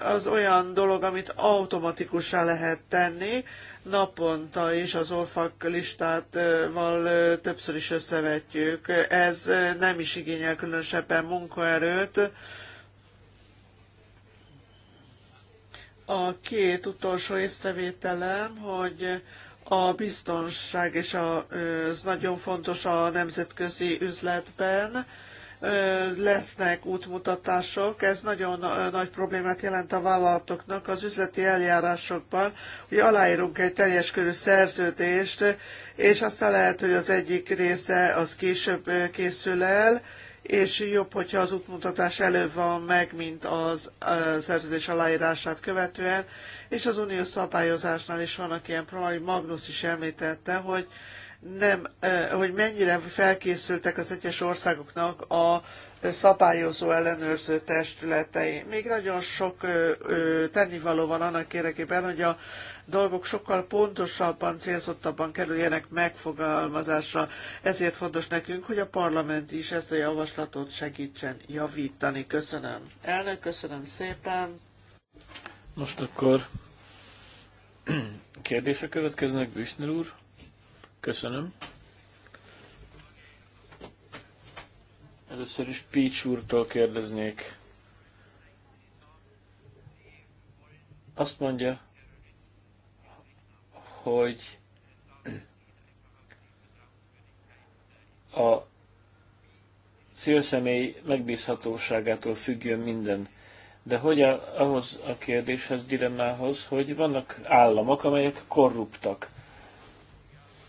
az olyan dolog, amit automatikusan lehet tenni, naponta is az orfak listával többször is összevetjük. Ez nem is igényel különösebben munkaerőt. A két utolsó észrevételem, hogy a biztonság és a, ez nagyon fontos a nemzetközi üzletben. Lesznek útmutatások, ez nagyon nagy problémát jelent a vállalatoknak az üzleti eljárásokban, hogy aláírunk egy teljes körű szerződést, és aztán lehet, hogy az egyik része az később készül el, és jobb, hogyha az útmutatás előbb van meg, mint az a szerződés aláírását követően, és az uniós szabályozásnál is vannak ilyen problémák, Magnus is említette, hogy nem, hogy mennyire felkészültek az egyes országoknak a szabályozó ellenőrző testületei. Még nagyon sok tennivaló van annak érdekében, hogy a dolgok sokkal pontosabban, célzottabban kerüljenek megfogalmazásra. Ezért fontos nekünk, hogy a parlament is ezt a javaslatot segítsen javítani. Köszönöm. Elnök, köszönöm szépen. Most akkor kérdések következnek, Büchner úr. Köszönöm. Először is Peach úrtól kérdeznék. Azt mondja, hogy a célszemély megbízhatóságától függjön minden. De hogy a ahhoz a kérdéshez, dilemmához, hogy vannak államok, amelyek korruptak,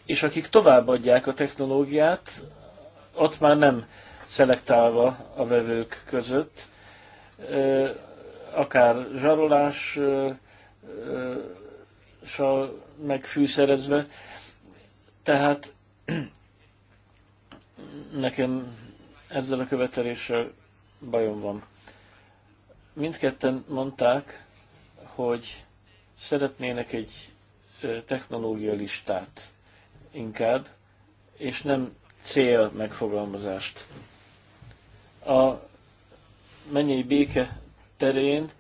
és akik továbbadják a technológiát, ott már nem szelektálva a vevők között, akár zsarolás, tudással megfűszerezve. Tehát nekem ezzel a követeléssel bajom van. Mindketten mondták, hogy szeretnének egy technológia listát inkább, és nem cél megfogalmazást. A mennyei béke terén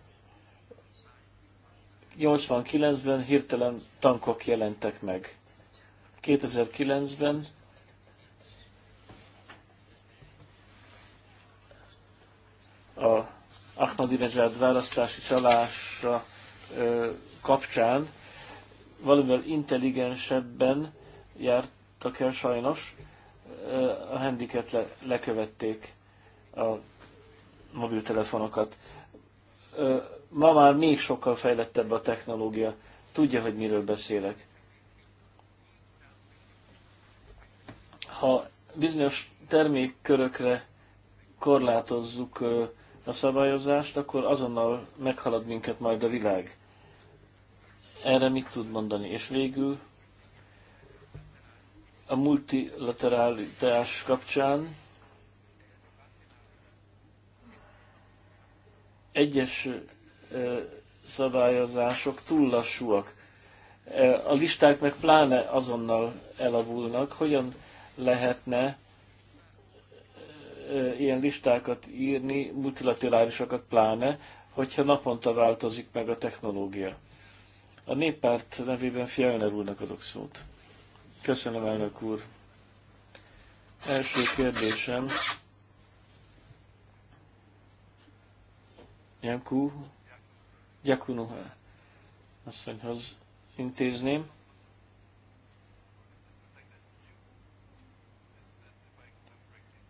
89-ben hirtelen tankok jelentek meg. 2009-ben a Ahmadinejad választási csalásra ö, kapcsán valamivel intelligensebben jártak el sajnos, ö, a hendiket le, lekövették a mobiltelefonokat. Ö, ma már még sokkal fejlettebb a technológia. Tudja, hogy miről beszélek. Ha bizonyos termékkörökre korlátozzuk a szabályozást, akkor azonnal meghalad minket majd a világ. Erre mit tud mondani? És végül a multilateralitás kapcsán egyes szabályozások túl lassúak. A listák meg pláne azonnal elavulnak. Hogyan lehetne ilyen listákat írni, multilaterálisokat pláne, hogyha naponta változik meg a technológia. A néppárt nevében Fjellner úrnak adok szót. Köszönöm, elnök úr. Első kérdésem. Jankú Gyakunuha eh, asszonyhoz intézném.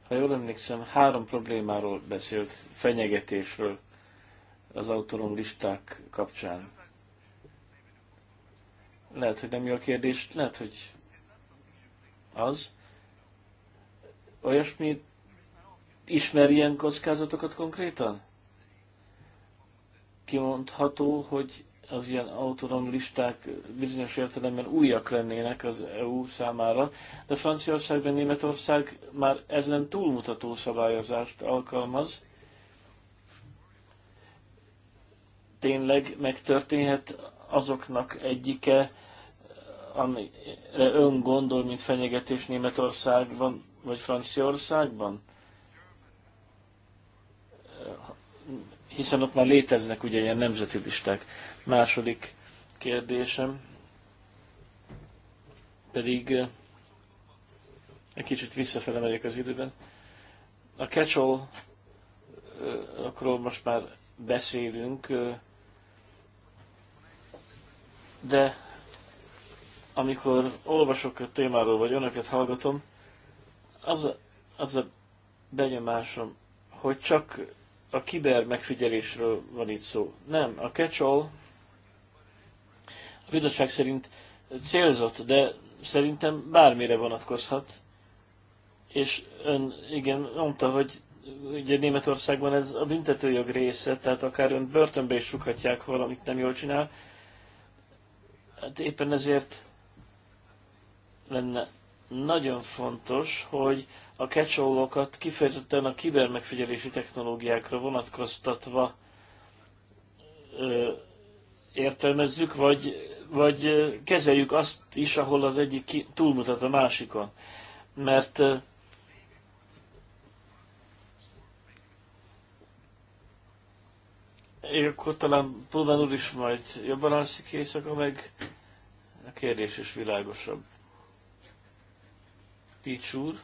Ha jól emlékszem, három problémáról beszélt, fenyegetésről az autonóm listák kapcsán. Lehet, hogy nem jó a kérdés, lehet, hogy az. Olyasmi ismer ilyen kockázatokat konkrétan? kimondható, hogy az ilyen autonóm listák bizonyos értelemben újak lennének az EU számára, de Franciaországban, Németország már ezen túlmutató szabályozást alkalmaz. Tényleg megtörténhet azoknak egyike, amire ön gondol, mint fenyegetés Németországban vagy Franciaországban? hiszen ott már léteznek ugye ilyen nemzeti listák. Második kérdésem pedig eh, egy kicsit visszafele megyek az időben. A catch eh, akkor most már beszélünk, eh, de amikor olvasok a témáról, vagy önöket hallgatom, az a, az a benyomásom, hogy csak a kiber megfigyelésről van itt szó. Nem, a catch all a bizottság szerint célzott, de szerintem bármire vonatkozhat. És ön igen mondta, hogy ugye Németországban ez a büntetőjog része, tehát akár ön börtönbe is sukhatják, valamit nem jól csinál. Hát éppen ezért lenne nagyon fontos, hogy a catch kifejezetten a kibermegfigyelési technológiákra vonatkoztatva ö, értelmezzük, vagy, vagy kezeljük azt is, ahol az egyik ki, túlmutat a másikon. Mert ö, akkor talán Pullman úr is majd jobban alszik éjszaka, meg a kérdés is világosabb. Pics úr.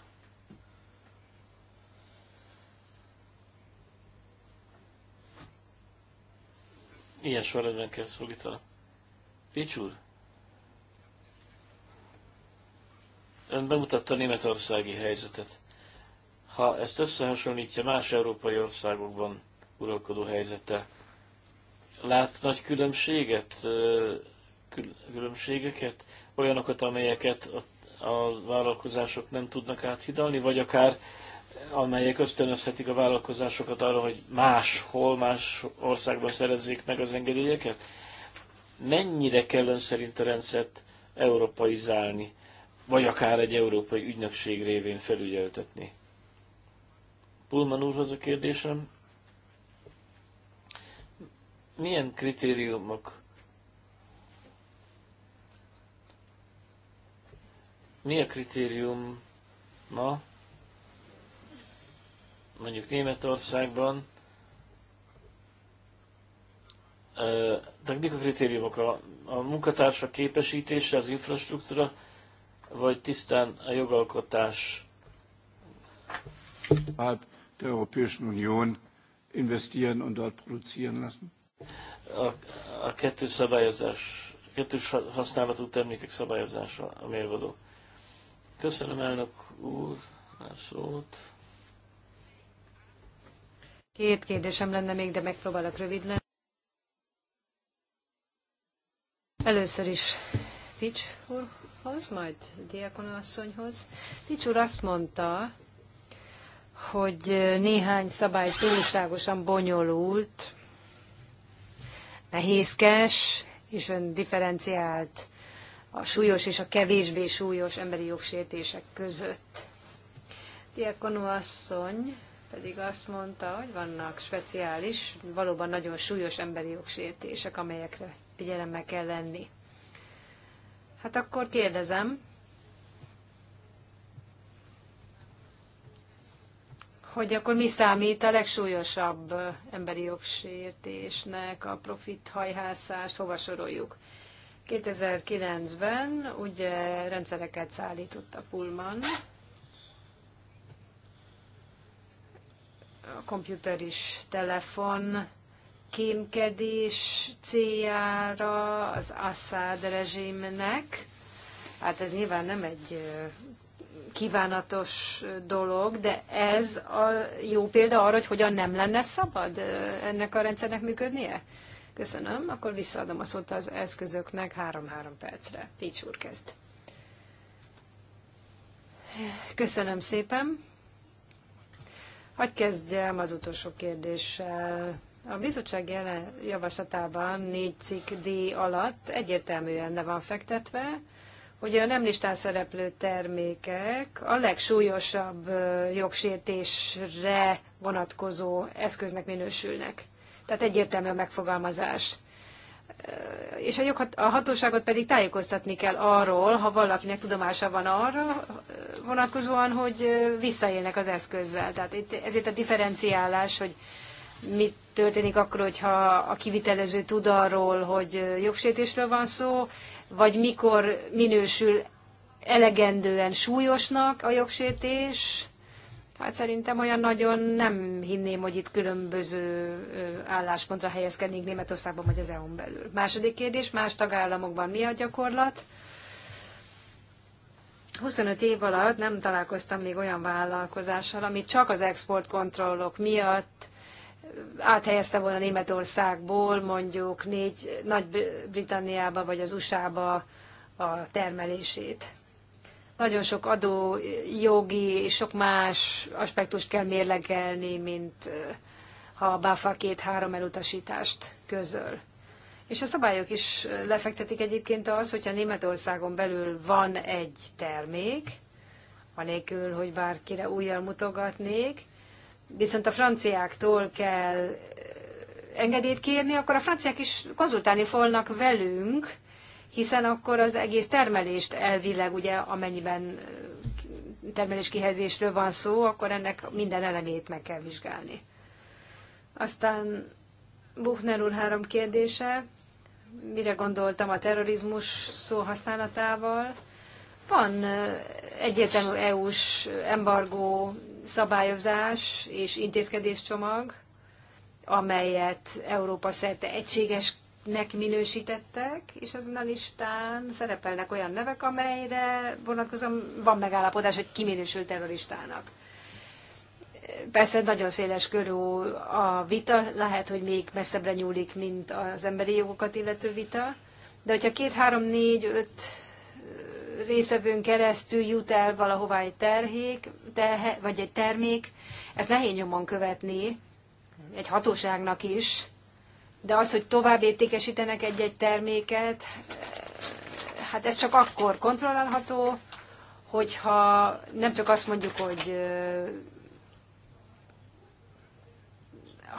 Milyen sorrendben kell szólítani? Pécs úr? Ön bemutatta a németországi helyzetet. Ha ezt összehasonlítja más európai országokban uralkodó helyzettel, lát nagy különbséget, különbségeket, olyanokat, amelyeket a, a vállalkozások nem tudnak áthidalni, vagy akár amelyek ösztönözhetik a vállalkozásokat arra, hogy máshol, más országban szerezzék meg az engedélyeket? Mennyire kell ön szerint a rendszert európaizálni, vagy akár egy európai ügynökség révén felügyeltetni? Pulman úrhoz a kérdésem. Milyen kritériumok mi a kritérium ma? mondjuk Németországban, de mik a kritériumok? A, a munkatársak képesítése, az infrastruktúra, vagy tisztán a jogalkotás? Hát, der Europäischen Union investieren und dort produzieren lassen? A, a kettős szabályozás, kettős használatú termékek szabályozása a mérvadó. Köszönöm elnök úr a szót. Két kérdésem lenne még, de megpróbálok rövid lenni. Először is Pics úrhoz, majd Diakon asszonyhoz. Pics úr azt mondta, hogy néhány szabály túlságosan bonyolult, nehézkes és ön differenciált a súlyos és a kevésbé súlyos emberi jogsértések között. Diakonó asszony pedig azt mondta, hogy vannak speciális, valóban nagyon súlyos emberi jogsértések, amelyekre figyelemmel kell lenni. Hát akkor kérdezem, hogy akkor mi számít a legsúlyosabb emberi jogsértésnek, a profit hova soroljuk? 2009-ben ugye rendszereket szállított a Pullman, komputer is, telefon, kémkedés céljára az Assad rezsimnek. Hát ez nyilván nem egy kívánatos dolog, de ez a jó példa arra, hogy hogyan nem lenne szabad ennek a rendszernek működnie? Köszönöm, akkor visszaadom a szót az eszközöknek három-három percre. Pics úr kezd. Köszönöm szépen. Hagy kezdjem az utolsó kérdéssel. A bizottság javaslatában négy cikk D alatt egyértelműen le van fektetve, hogy a nem listán szereplő termékek a legsúlyosabb jogsértésre vonatkozó eszköznek minősülnek. Tehát egyértelmű a megfogalmazás és a, a hatóságot pedig tájékoztatni kell arról, ha valakinek tudomása van arra eh, vonatkozóan, hogy eh, visszaélnek az eszközzel. Tehát itt, ezért a differenciálás, hogy mit történik akkor, hogyha a kivitelező tud arról, hogy eh, jogsértésről van szó, vagy mikor minősül elegendően súlyosnak a jogsértés, Hát szerintem olyan nagyon nem hinném, hogy itt különböző álláspontra helyezkednénk Németországban vagy az EU-n belül. Második kérdés, más tagállamokban mi a gyakorlat? 25 év alatt nem találkoztam még olyan vállalkozással, ami csak az exportkontrollok miatt áthelyezte volna Németországból mondjuk négy Nagy-Britanniába vagy az USA-ba a termelését. Nagyon sok adó, jogi és sok más aspektust kell mérlegelni, mint ha a BAFA két-három elutasítást közöl. És a szabályok is lefektetik egyébként az, hogyha Németországon belül van egy termék, anélkül, hogy bárkire újjal mutogatnék, viszont a franciáktól kell engedélyt kérni, akkor a franciák is konzultálni fognak velünk, hiszen akkor az egész termelést elvileg, ugye, amennyiben eh, termelés kihelyezésről van szó, akkor ennek minden elemét meg kell vizsgálni. Aztán Buchner úr három kérdése. Mire gondoltam a terrorizmus szó használatával? Van eh, egyértelmű EU-s embargó szabályozás és intézkedéscsomag, amelyet Európa szerte egységes nek minősítettek, és azon a listán szerepelnek olyan nevek, amelyre vonatkozóan van megállapodás, hogy kiminősül terroristának. Persze nagyon széles körű a vita, lehet, hogy még messzebbre nyúlik, mint az emberi jogokat illető vita, de hogyha két, három, négy, öt részvevőn keresztül jut el valahová egy terhék, terhe, vagy egy termék, ezt nehéz nyomon követni, egy hatóságnak is, de az, hogy tovább értékesítenek egy-egy terméket, hát ez csak akkor kontrollálható, hogyha nem csak azt mondjuk, hogy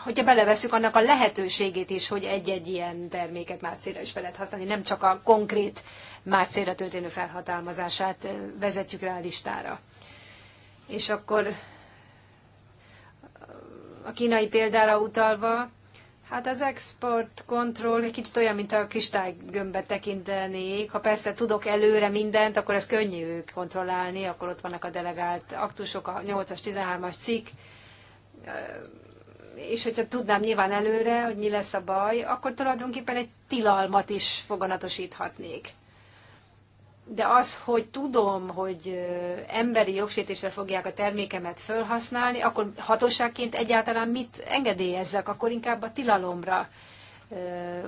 hogyha beleveszünk annak a lehetőségét is, hogy egy-egy ilyen terméket más célra is fel lehet használni, nem csak a konkrét más célra történő felhatalmazását vezetjük rá a listára. És akkor a kínai példára utalva, Hát az export kontroll egy kicsit olyan, mint a kristálygömbbe tekintenék. Ha persze tudok előre mindent, akkor ez könnyű kontrollálni, akkor ott vannak a delegált aktusok, a 8-as, 13-as cikk. És hogyha tudnám nyilván előre, hogy mi lesz a baj, akkor tulajdonképpen egy tilalmat is foganatosíthatnék de az, hogy tudom, hogy emberi jogsértésre fogják a termékemet felhasználni, akkor hatóságként egyáltalán mit engedélyezzek, akkor inkább a tilalomra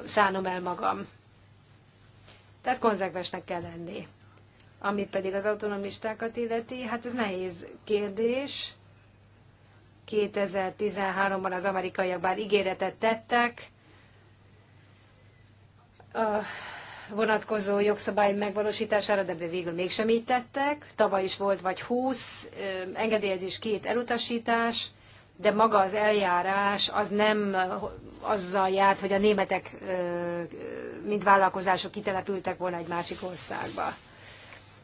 szánom el magam. Tehát konzekvensnek kell lenni. Ami pedig az autonomistákat illeti, hát ez nehéz kérdés. 2013-ban az amerikaiak bár ígéretet tettek, vonatkozó jogszabály megvalósítására, de végül mégsem így tettek. Tavaly is volt vagy 20 engedélyezés, két elutasítás, de maga az eljárás az nem azzal járt, hogy a németek, mint vállalkozások kitelepültek volna egy másik országba.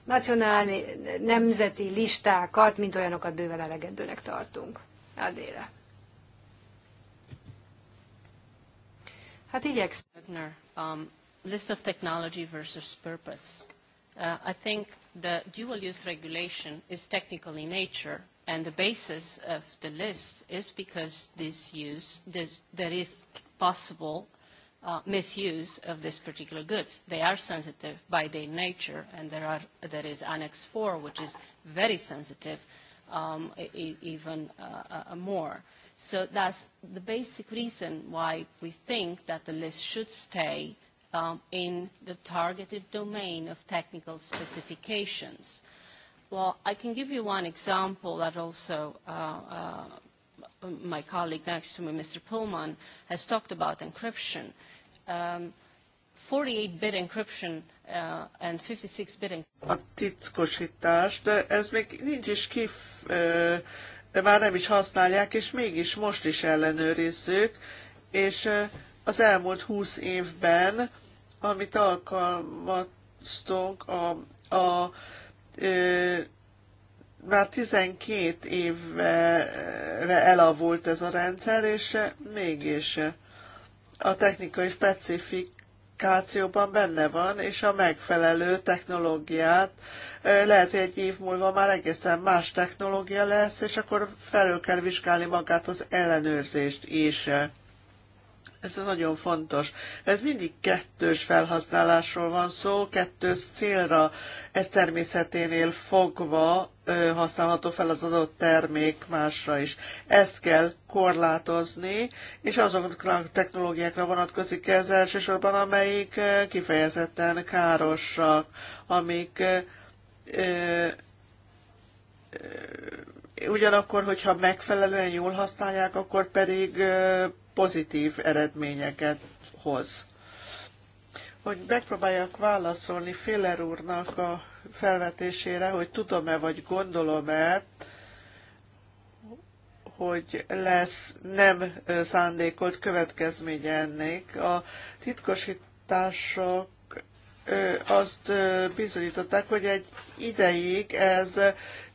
Nacionális nemzeti listákat, mint olyanokat bőven elegendőnek tartunk. Adéle. Hát igyekszem. Um, list of technology versus purpose. Uh, I think the dual-use regulation is technical in nature, and the basis of the list is because this use, this, there is possible uh, misuse of this particular goods. They are sensitive by their nature, and there, are, there is Annex 4, which is very sensitive, um, e, e even uh, uh, more. So that's the basic reason why we think that the list should stay um, in the targeted domain of technical specifications. Well, I can give you one example that also uh, uh, my colleague next to me, Mr. Pullman, has talked about encryption. 48-bit um, encryption uh, and 56-bit encryption. A titkosítás, de ez még nincs is kif, de már nem is használják, és mégis most is ellenőrizzük, és az elmúlt 20 évben amit alkalmaztunk a, a ö, már 12 évre elavult ez a rendszer, és mégis a technikai specifikációban benne van, és a megfelelő technológiát lehet, hogy egy év múlva már egészen más technológia lesz, és akkor felül kell vizsgálni magát az ellenőrzést is. Ez nagyon fontos. Ez mindig kettős felhasználásról van szó, kettős célra. Ez természeténél fogva ö, használható fel az adott termék másra is. Ezt kell korlátozni, és azoknak a technológiákra vonatkozik ez elsősorban, amelyik ö, kifejezetten károsak, amik ö, ö, ugyanakkor, hogyha megfelelően jól használják, akkor pedig pozitív eredményeket hoz. Hogy megpróbáljak válaszolni Féler úrnak a felvetésére, hogy tudom-e vagy gondolom-e, hogy lesz nem szándékolt következménye ennek. A titkosítások azt bizonyították, hogy egy ideig ez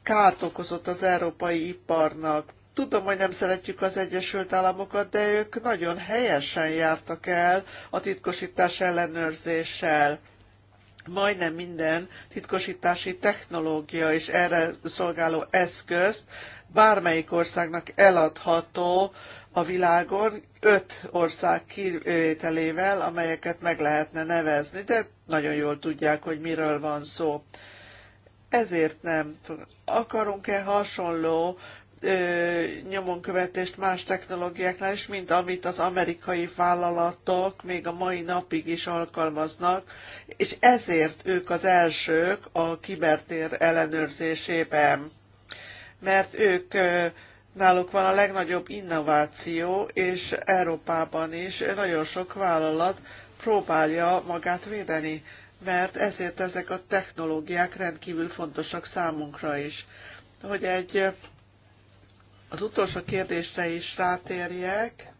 kárt okozott az európai iparnak. Tudom, hogy nem szeretjük az Egyesült Államokat, de ők nagyon helyesen jártak el a titkosítás ellenőrzéssel majdnem minden titkosítási technológia és erre szolgáló eszközt bármelyik országnak eladható a világon, öt ország kivételével, amelyeket meg lehetne nevezni, de nagyon jól tudják, hogy miről van szó. Ezért nem akarunk-e hasonló nyomonkövetést más technológiáknál is, mint amit az amerikai vállalatok még a mai napig is alkalmaznak, és ezért ők az elsők a kibertér ellenőrzésében, mert ők Náluk van a legnagyobb innováció, és Európában is nagyon sok vállalat próbálja magát védeni, mert ezért ezek a technológiák rendkívül fontosak számunkra is. Hogy egy az utolsó kérdésre is rátérjek,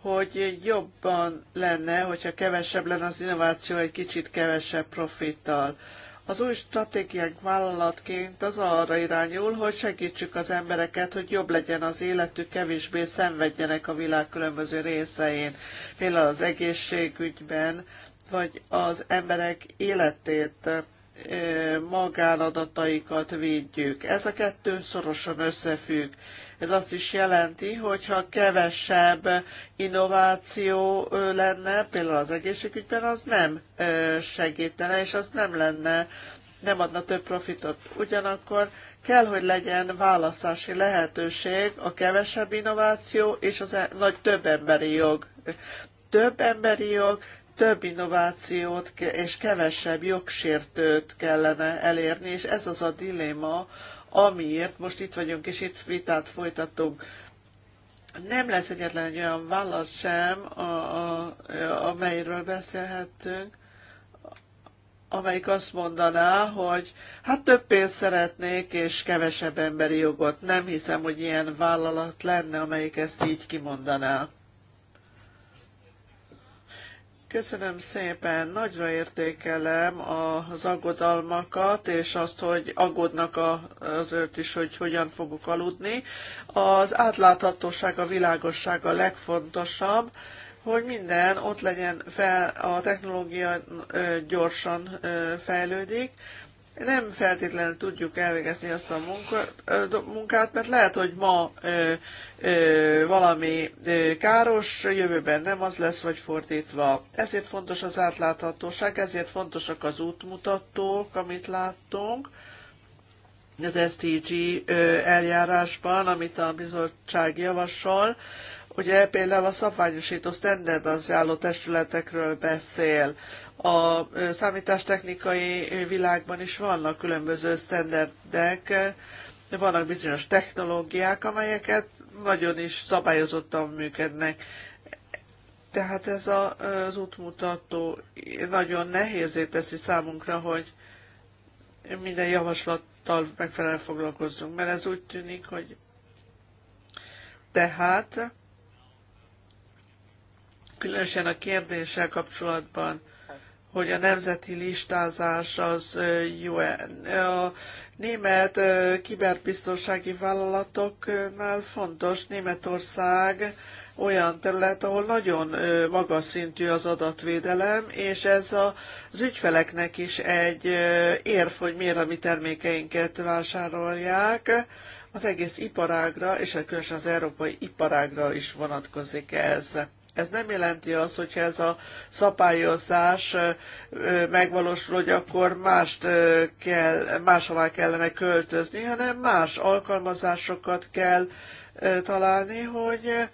hogy jobban lenne, hogyha kevesebb lenne az innováció egy kicsit kevesebb profittal. Az új stratégiánk vállalatként az arra irányul, hogy segítsük az embereket, hogy jobb legyen az életük, kevésbé szenvedjenek a világ különböző részein, például az egészségügyben, vagy az emberek életét magánadataikat védjük. Ez a kettő szorosan összefügg. Ez azt is jelenti, hogy ha kevesebb innováció lenne, például az egészségügyben, az nem segítene, és az nem lenne, nem adna több profitot. Ugyanakkor kell, hogy legyen választási lehetőség a kevesebb innováció és az e- nagy több emberi jog. Több emberi jog, több innovációt és kevesebb jogsértőt kellene elérni, és ez az a dilema, amiért most itt vagyunk, és itt vitát folytatunk. Nem lesz egyetlen egy olyan vállalat sem, a, a, amelyről beszélhetünk, amelyik azt mondaná, hogy hát több pénzt szeretnék, és kevesebb emberi jogot. Nem hiszem, hogy ilyen vállalat lenne, amelyik ezt így kimondaná. Köszönöm szépen, nagyra értékelem az aggodalmakat, és azt, hogy aggódnak azért is, hogy hogyan fogok aludni. Az átláthatóság, a világosság a legfontosabb, hogy minden ott legyen fel, a technológia gyorsan fejlődik, nem feltétlenül tudjuk elvégezni azt a munkát, mert lehet, hogy ma ö, ö, valami ö, káros, jövőben nem az lesz, vagy fordítva. Ezért fontos az átláthatóság, ezért fontosak az útmutatók, amit láttunk az STG eljárásban, amit a bizottság javasol. Ugye például a szabványosító standardizáló testületekről beszél. A számítástechnikai világban is vannak különböző standardek, vannak bizonyos technológiák, amelyeket nagyon is szabályozottan működnek. Tehát ez a, az útmutató nagyon nehézé teszi számunkra, hogy minden javaslattal megfelelően foglalkozzunk, mert ez úgy tűnik, hogy tehát különösen a kérdéssel kapcsolatban hogy a nemzeti listázás az jó-e. A német kiberbiztonsági vállalatoknál fontos Németország olyan terület, ahol nagyon magas szintű az adatvédelem, és ez az ügyfeleknek is egy érv, hogy miért a mi termékeinket vásárolják. Az egész iparágra, és különösen az európai iparágra is vonatkozik ez. Ez nem jelenti azt, hogyha ez a szabályozás megvalósul, hogy akkor mást kell, máshová kellene költözni, hanem más alkalmazásokat kell találni, hogy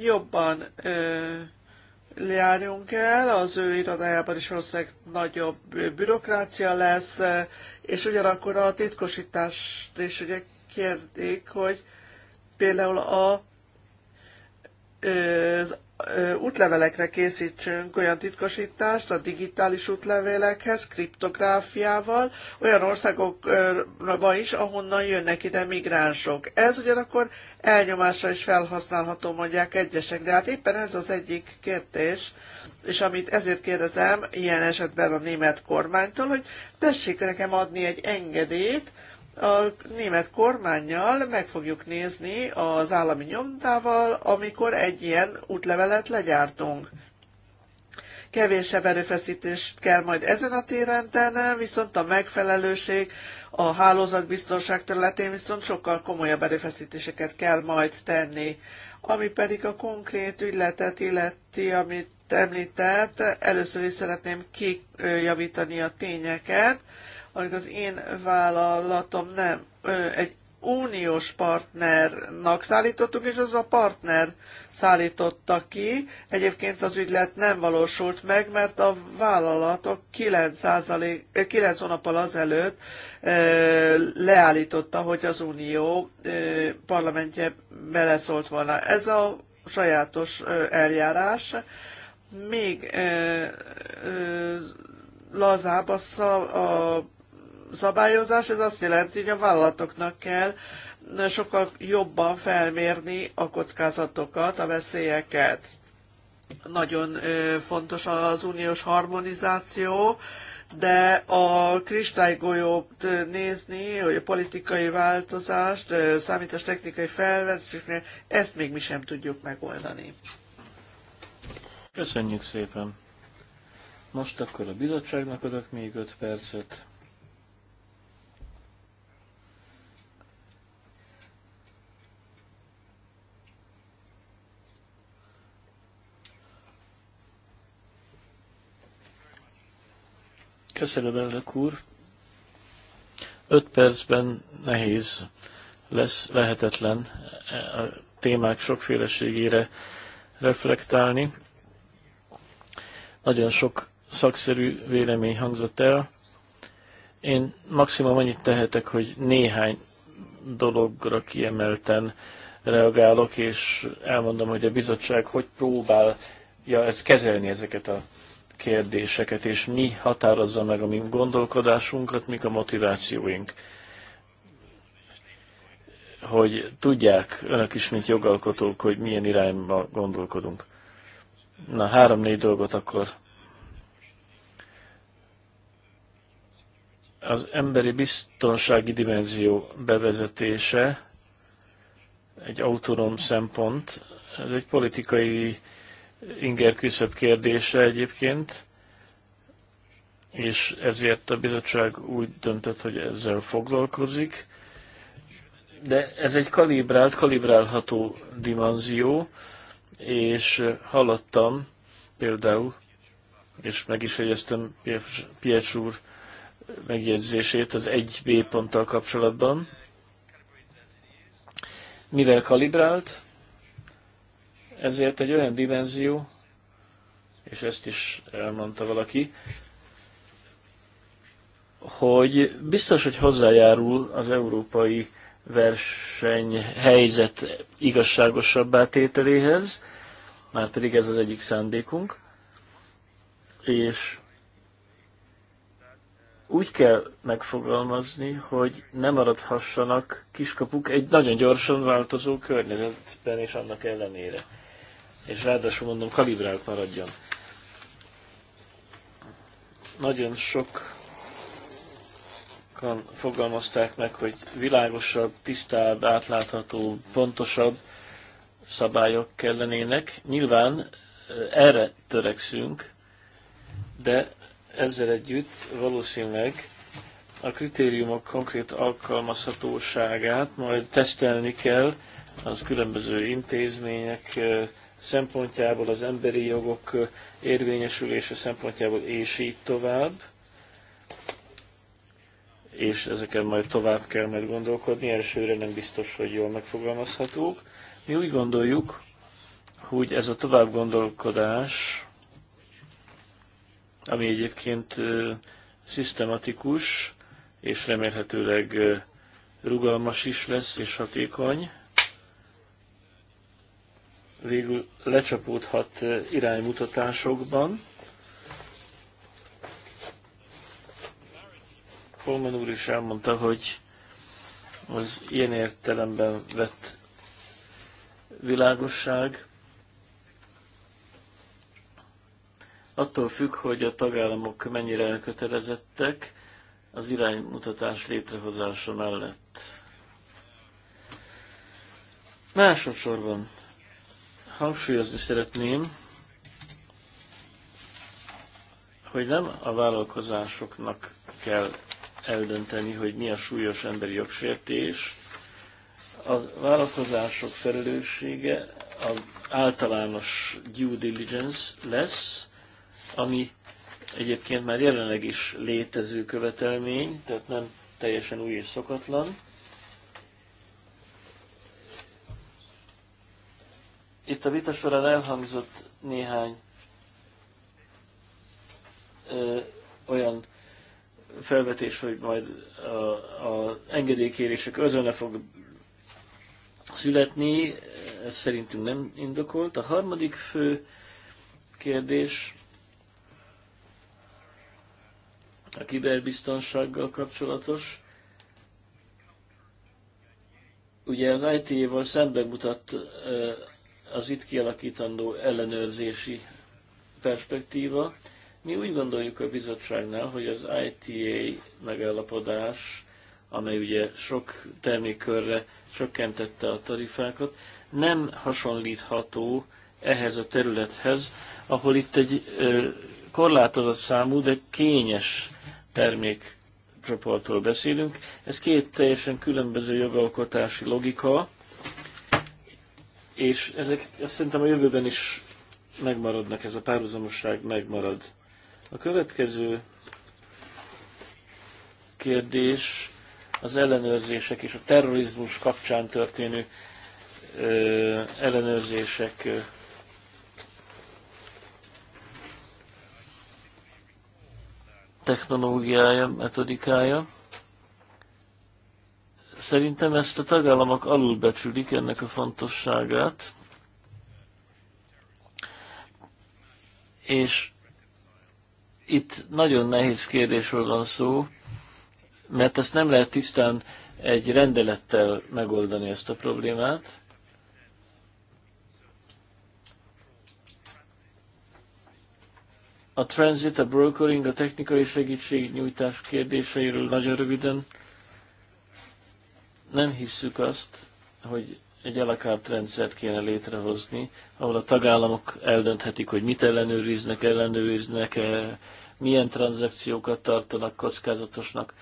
jobban járjunk el, az ő irodájában is valószínűleg nagyobb bürokrácia lesz, és ugyanakkor a titkosítást is ugye kérdik, hogy például a, az útlevelekre készítsünk olyan titkosítást a digitális útlevélekhez, kriptográfiával, olyan országokra is, ahonnan jönnek ide migránsok. Ez ugyanakkor elnyomásra is felhasználható, mondják egyesek, de hát éppen ez az egyik kérdés, és amit ezért kérdezem ilyen esetben a német kormánytól, hogy tessék nekem adni egy engedélyt, a német kormányjal meg fogjuk nézni az állami nyomdával, amikor egy ilyen útlevelet legyártunk. Kevésebb erőfeszítést kell majd ezen a téren tennem, viszont a megfelelőség a hálózatbiztonság területén viszont sokkal komolyabb erőfeszítéseket kell majd tenni. Ami pedig a konkrét ügyletet illeti, amit említett, először is szeretném kijavítani a tényeket, amíg az én vállalatom nem egy uniós partnernak szállítottuk, és az a partner szállította ki. Egyébként az ügylet nem valósult meg, mert a vállalatok 9, hónappal azelőtt leállította, hogy az unió parlamentje beleszólt volna. Ez a sajátos eljárás. Még lazább a, a szabályozás, ez azt jelenti, hogy a vállalatoknak kell sokkal jobban felmérni a kockázatokat, a veszélyeket. Nagyon fontos az uniós harmonizáció, de a kristálygolyót nézni, hogy a politikai változást, számítás technikai felvetésnél, ezt még mi sem tudjuk megoldani. Köszönjük szépen! Most akkor a bizottságnak adok még 5 percet. Köszönöm, elnök úr. Öt percben nehéz lesz, lehetetlen e, a témák sokféleségére reflektálni. Nagyon sok szakszerű vélemény hangzott el. Én maximum annyit tehetek, hogy néhány dologra kiemelten reagálok, és elmondom, hogy a bizottság hogy próbálja ezt kezelni ezeket a kérdéseket, és mi határozza meg a mi gondolkodásunkat, mik a motivációink. Hogy tudják önök is, mint jogalkotók, hogy milyen irányba gondolkodunk. Na, három-négy dolgot akkor. Az emberi biztonsági dimenzió bevezetése egy autonóm szempont, ez egy politikai inger küszöbb kérdése egyébként, és ezért a bizottság úgy döntött, hogy ezzel foglalkozik. De ez egy kalibrált, kalibrálható dimenzió, és hallottam például, és meg is jegyeztem Piecs úr megjegyzését az 1B ponttal kapcsolatban, mivel kalibrált, ezért egy olyan dimenzió, és ezt is elmondta valaki, hogy biztos, hogy hozzájárul az európai versenyhelyzet igazságosabbá tételéhez, már pedig ez az egyik szándékunk, és úgy kell megfogalmazni, hogy ne maradhassanak kiskapuk egy nagyon gyorsan változó környezetben és annak ellenére és ráadásul mondom kalibrált maradjon. Nagyon sok fogalmazták meg, hogy világosabb, tisztább, átlátható, pontosabb szabályok kellenének. Nyilván erre törekszünk, de ezzel együtt valószínűleg a kritériumok konkrét alkalmazhatóságát majd tesztelni kell az különböző intézmények, szempontjából, az emberi jogok érvényesülése szempontjából, és így tovább. És ezeken majd tovább kell majd gondolkodni, elsőre nem biztos, hogy jól megfogalmazhatók. Mi úgy gondoljuk, hogy ez a tovább gondolkodás, ami egyébként szisztematikus, és remélhetőleg rugalmas is lesz, és hatékony, végül lecsapódhat iránymutatásokban. Kolman úr is elmondta, hogy az ilyen értelemben vett világosság attól függ, hogy a tagállamok mennyire elkötelezettek az iránymutatás létrehozása mellett. Másodszorban hangsúlyozni szeretném, hogy nem a vállalkozásoknak kell eldönteni, hogy mi a súlyos emberi jogsértés. A vállalkozások felelőssége az általános due diligence lesz, ami egyébként már jelenleg is létező követelmény, tehát nem teljesen új és szokatlan. Itt a vita során elhangzott néhány ö, olyan felvetés, hogy majd az engedélykérések özönne fog születni, ez szerintünk nem indokolt. A harmadik fő kérdés a kiberbiztonsággal kapcsolatos. Ugye az IT-val szembe mutat az itt kialakítandó ellenőrzési perspektíva. Mi úgy gondoljuk a bizottságnál, hogy az ITA megállapodás, amely ugye sok termékkörre csökkentette a tarifákat, nem hasonlítható ehhez a területhez, ahol itt egy korlátozott számú, de kényes termékcsoportról beszélünk. Ez két teljesen különböző jogalkotási logika, és ezek azt szerintem a jövőben is megmaradnak, ez a párhuzamoság megmarad. A következő kérdés az ellenőrzések és a terrorizmus kapcsán történő ö, ellenőrzések. technológiája, metodikája. Szerintem ezt a tagállamok alulbecsülik ennek a fontosságát, és itt nagyon nehéz kérdésről van szó, mert ezt nem lehet tisztán egy rendelettel megoldani ezt a problémát. A transit, a brokering, a technikai nyújtás kérdéseiről nagyon röviden nem hisszük azt, hogy egy alakárt rendszert kéne létrehozni, ahol a tagállamok eldönthetik, hogy mit ellenőriznek, ellenőriznek, -e, milyen tranzakciókat tartanak kockázatosnak.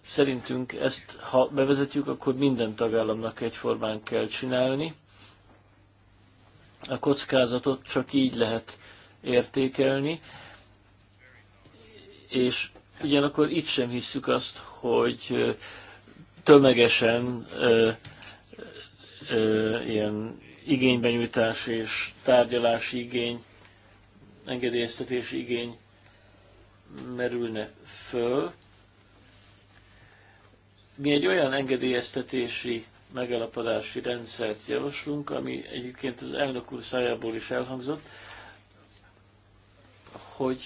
Szerintünk ezt, ha bevezetjük, akkor minden tagállamnak egyformán kell csinálni. A kockázatot csak így lehet értékelni, és ugyanakkor itt sem hisszük azt, hogy tömegesen ö, ö, ilyen igénybenyújtás és tárgyalási igény, engedélyeztetési igény merülne föl. Mi egy olyan engedélyeztetési megalapodási rendszert javaslunk, ami egyébként az elnök úr szájából is elhangzott, hogy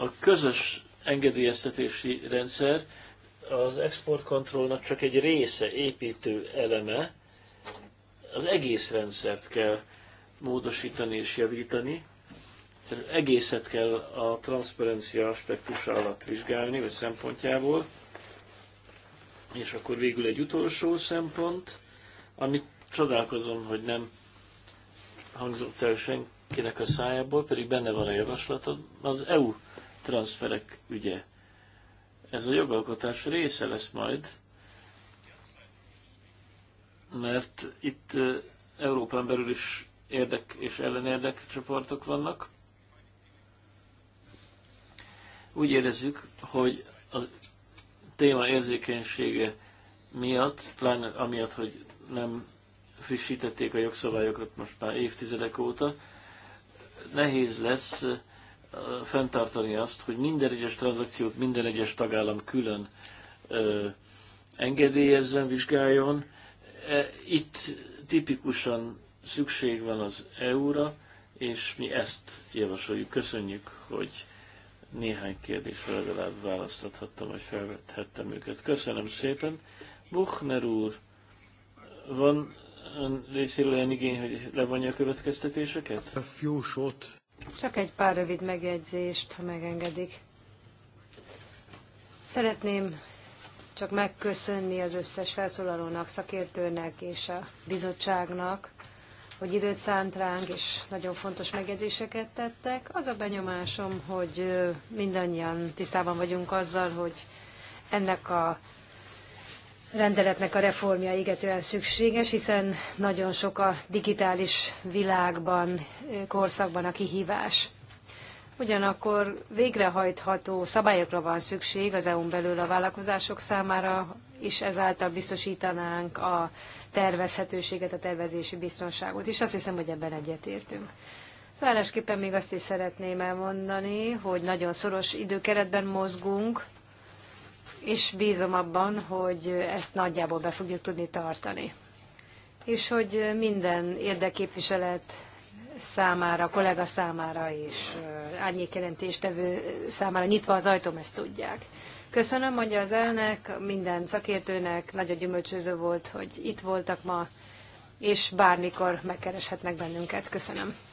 a közös engedélyeztetési rendszer az exportkontrollnak csak egy része, építő eleme, az egész rendszert kell módosítani és javítani, egészet kell a transzparencia aspektus alatt vizsgálni, vagy szempontjából. És akkor végül egy utolsó szempont, amit csodálkozom, hogy nem hangzott el senkinek a szájából, pedig benne van a javaslatod, az EU transferek ügye ez a jogalkotás része lesz majd, mert itt Európán belül is érdek és ellenérdek csoportok vannak. Úgy érezzük, hogy a téma érzékenysége miatt, pláne amiatt, hogy nem frissítették a jogszabályokat most már évtizedek óta, nehéz lesz fenntartani azt, hogy minden egyes tranzakciót minden egyes tagállam külön ö, engedélyezzen, vizsgáljon. E, itt tipikusan szükség van az EU-ra, és mi ezt javasoljuk. Köszönjük, hogy néhány kérdésre legalább választathattam, vagy felvethettem őket. Köszönöm szépen. Buchner úr, van részéről olyan igény, hogy levonja a következtetéseket? A few short csak egy pár rövid megjegyzést, ha megengedik. Szeretném csak megköszönni az összes felszólalónak, szakértőnek és a bizottságnak, hogy időt szánt ránk, és nagyon fontos megjegyzéseket tettek. Az a benyomásom, hogy mindannyian tisztában vagyunk azzal, hogy ennek a rendeletnek a reformja égetően szükséges, hiszen nagyon sok a digitális világban, korszakban a kihívás. Ugyanakkor végrehajtható szabályokra van szükség az EU-n belül a vállalkozások számára, és ezáltal biztosítanánk a tervezhetőséget, a tervezési biztonságot, és azt hiszem, hogy ebben egyetértünk. Zárásképpen még azt is szeretném elmondani, hogy nagyon szoros időkeretben mozgunk, és bízom abban, hogy ezt nagyjából be fogjuk tudni tartani. És hogy minden érdeképviselet számára, kollega számára és árnyékjelentéstevő számára nyitva az ajtóm, ezt tudják. Köszönöm, mondja az elnök, minden szakértőnek, nagyon gyümölcsöző volt, hogy itt voltak ma, és bármikor megkereshetnek bennünket. Köszönöm.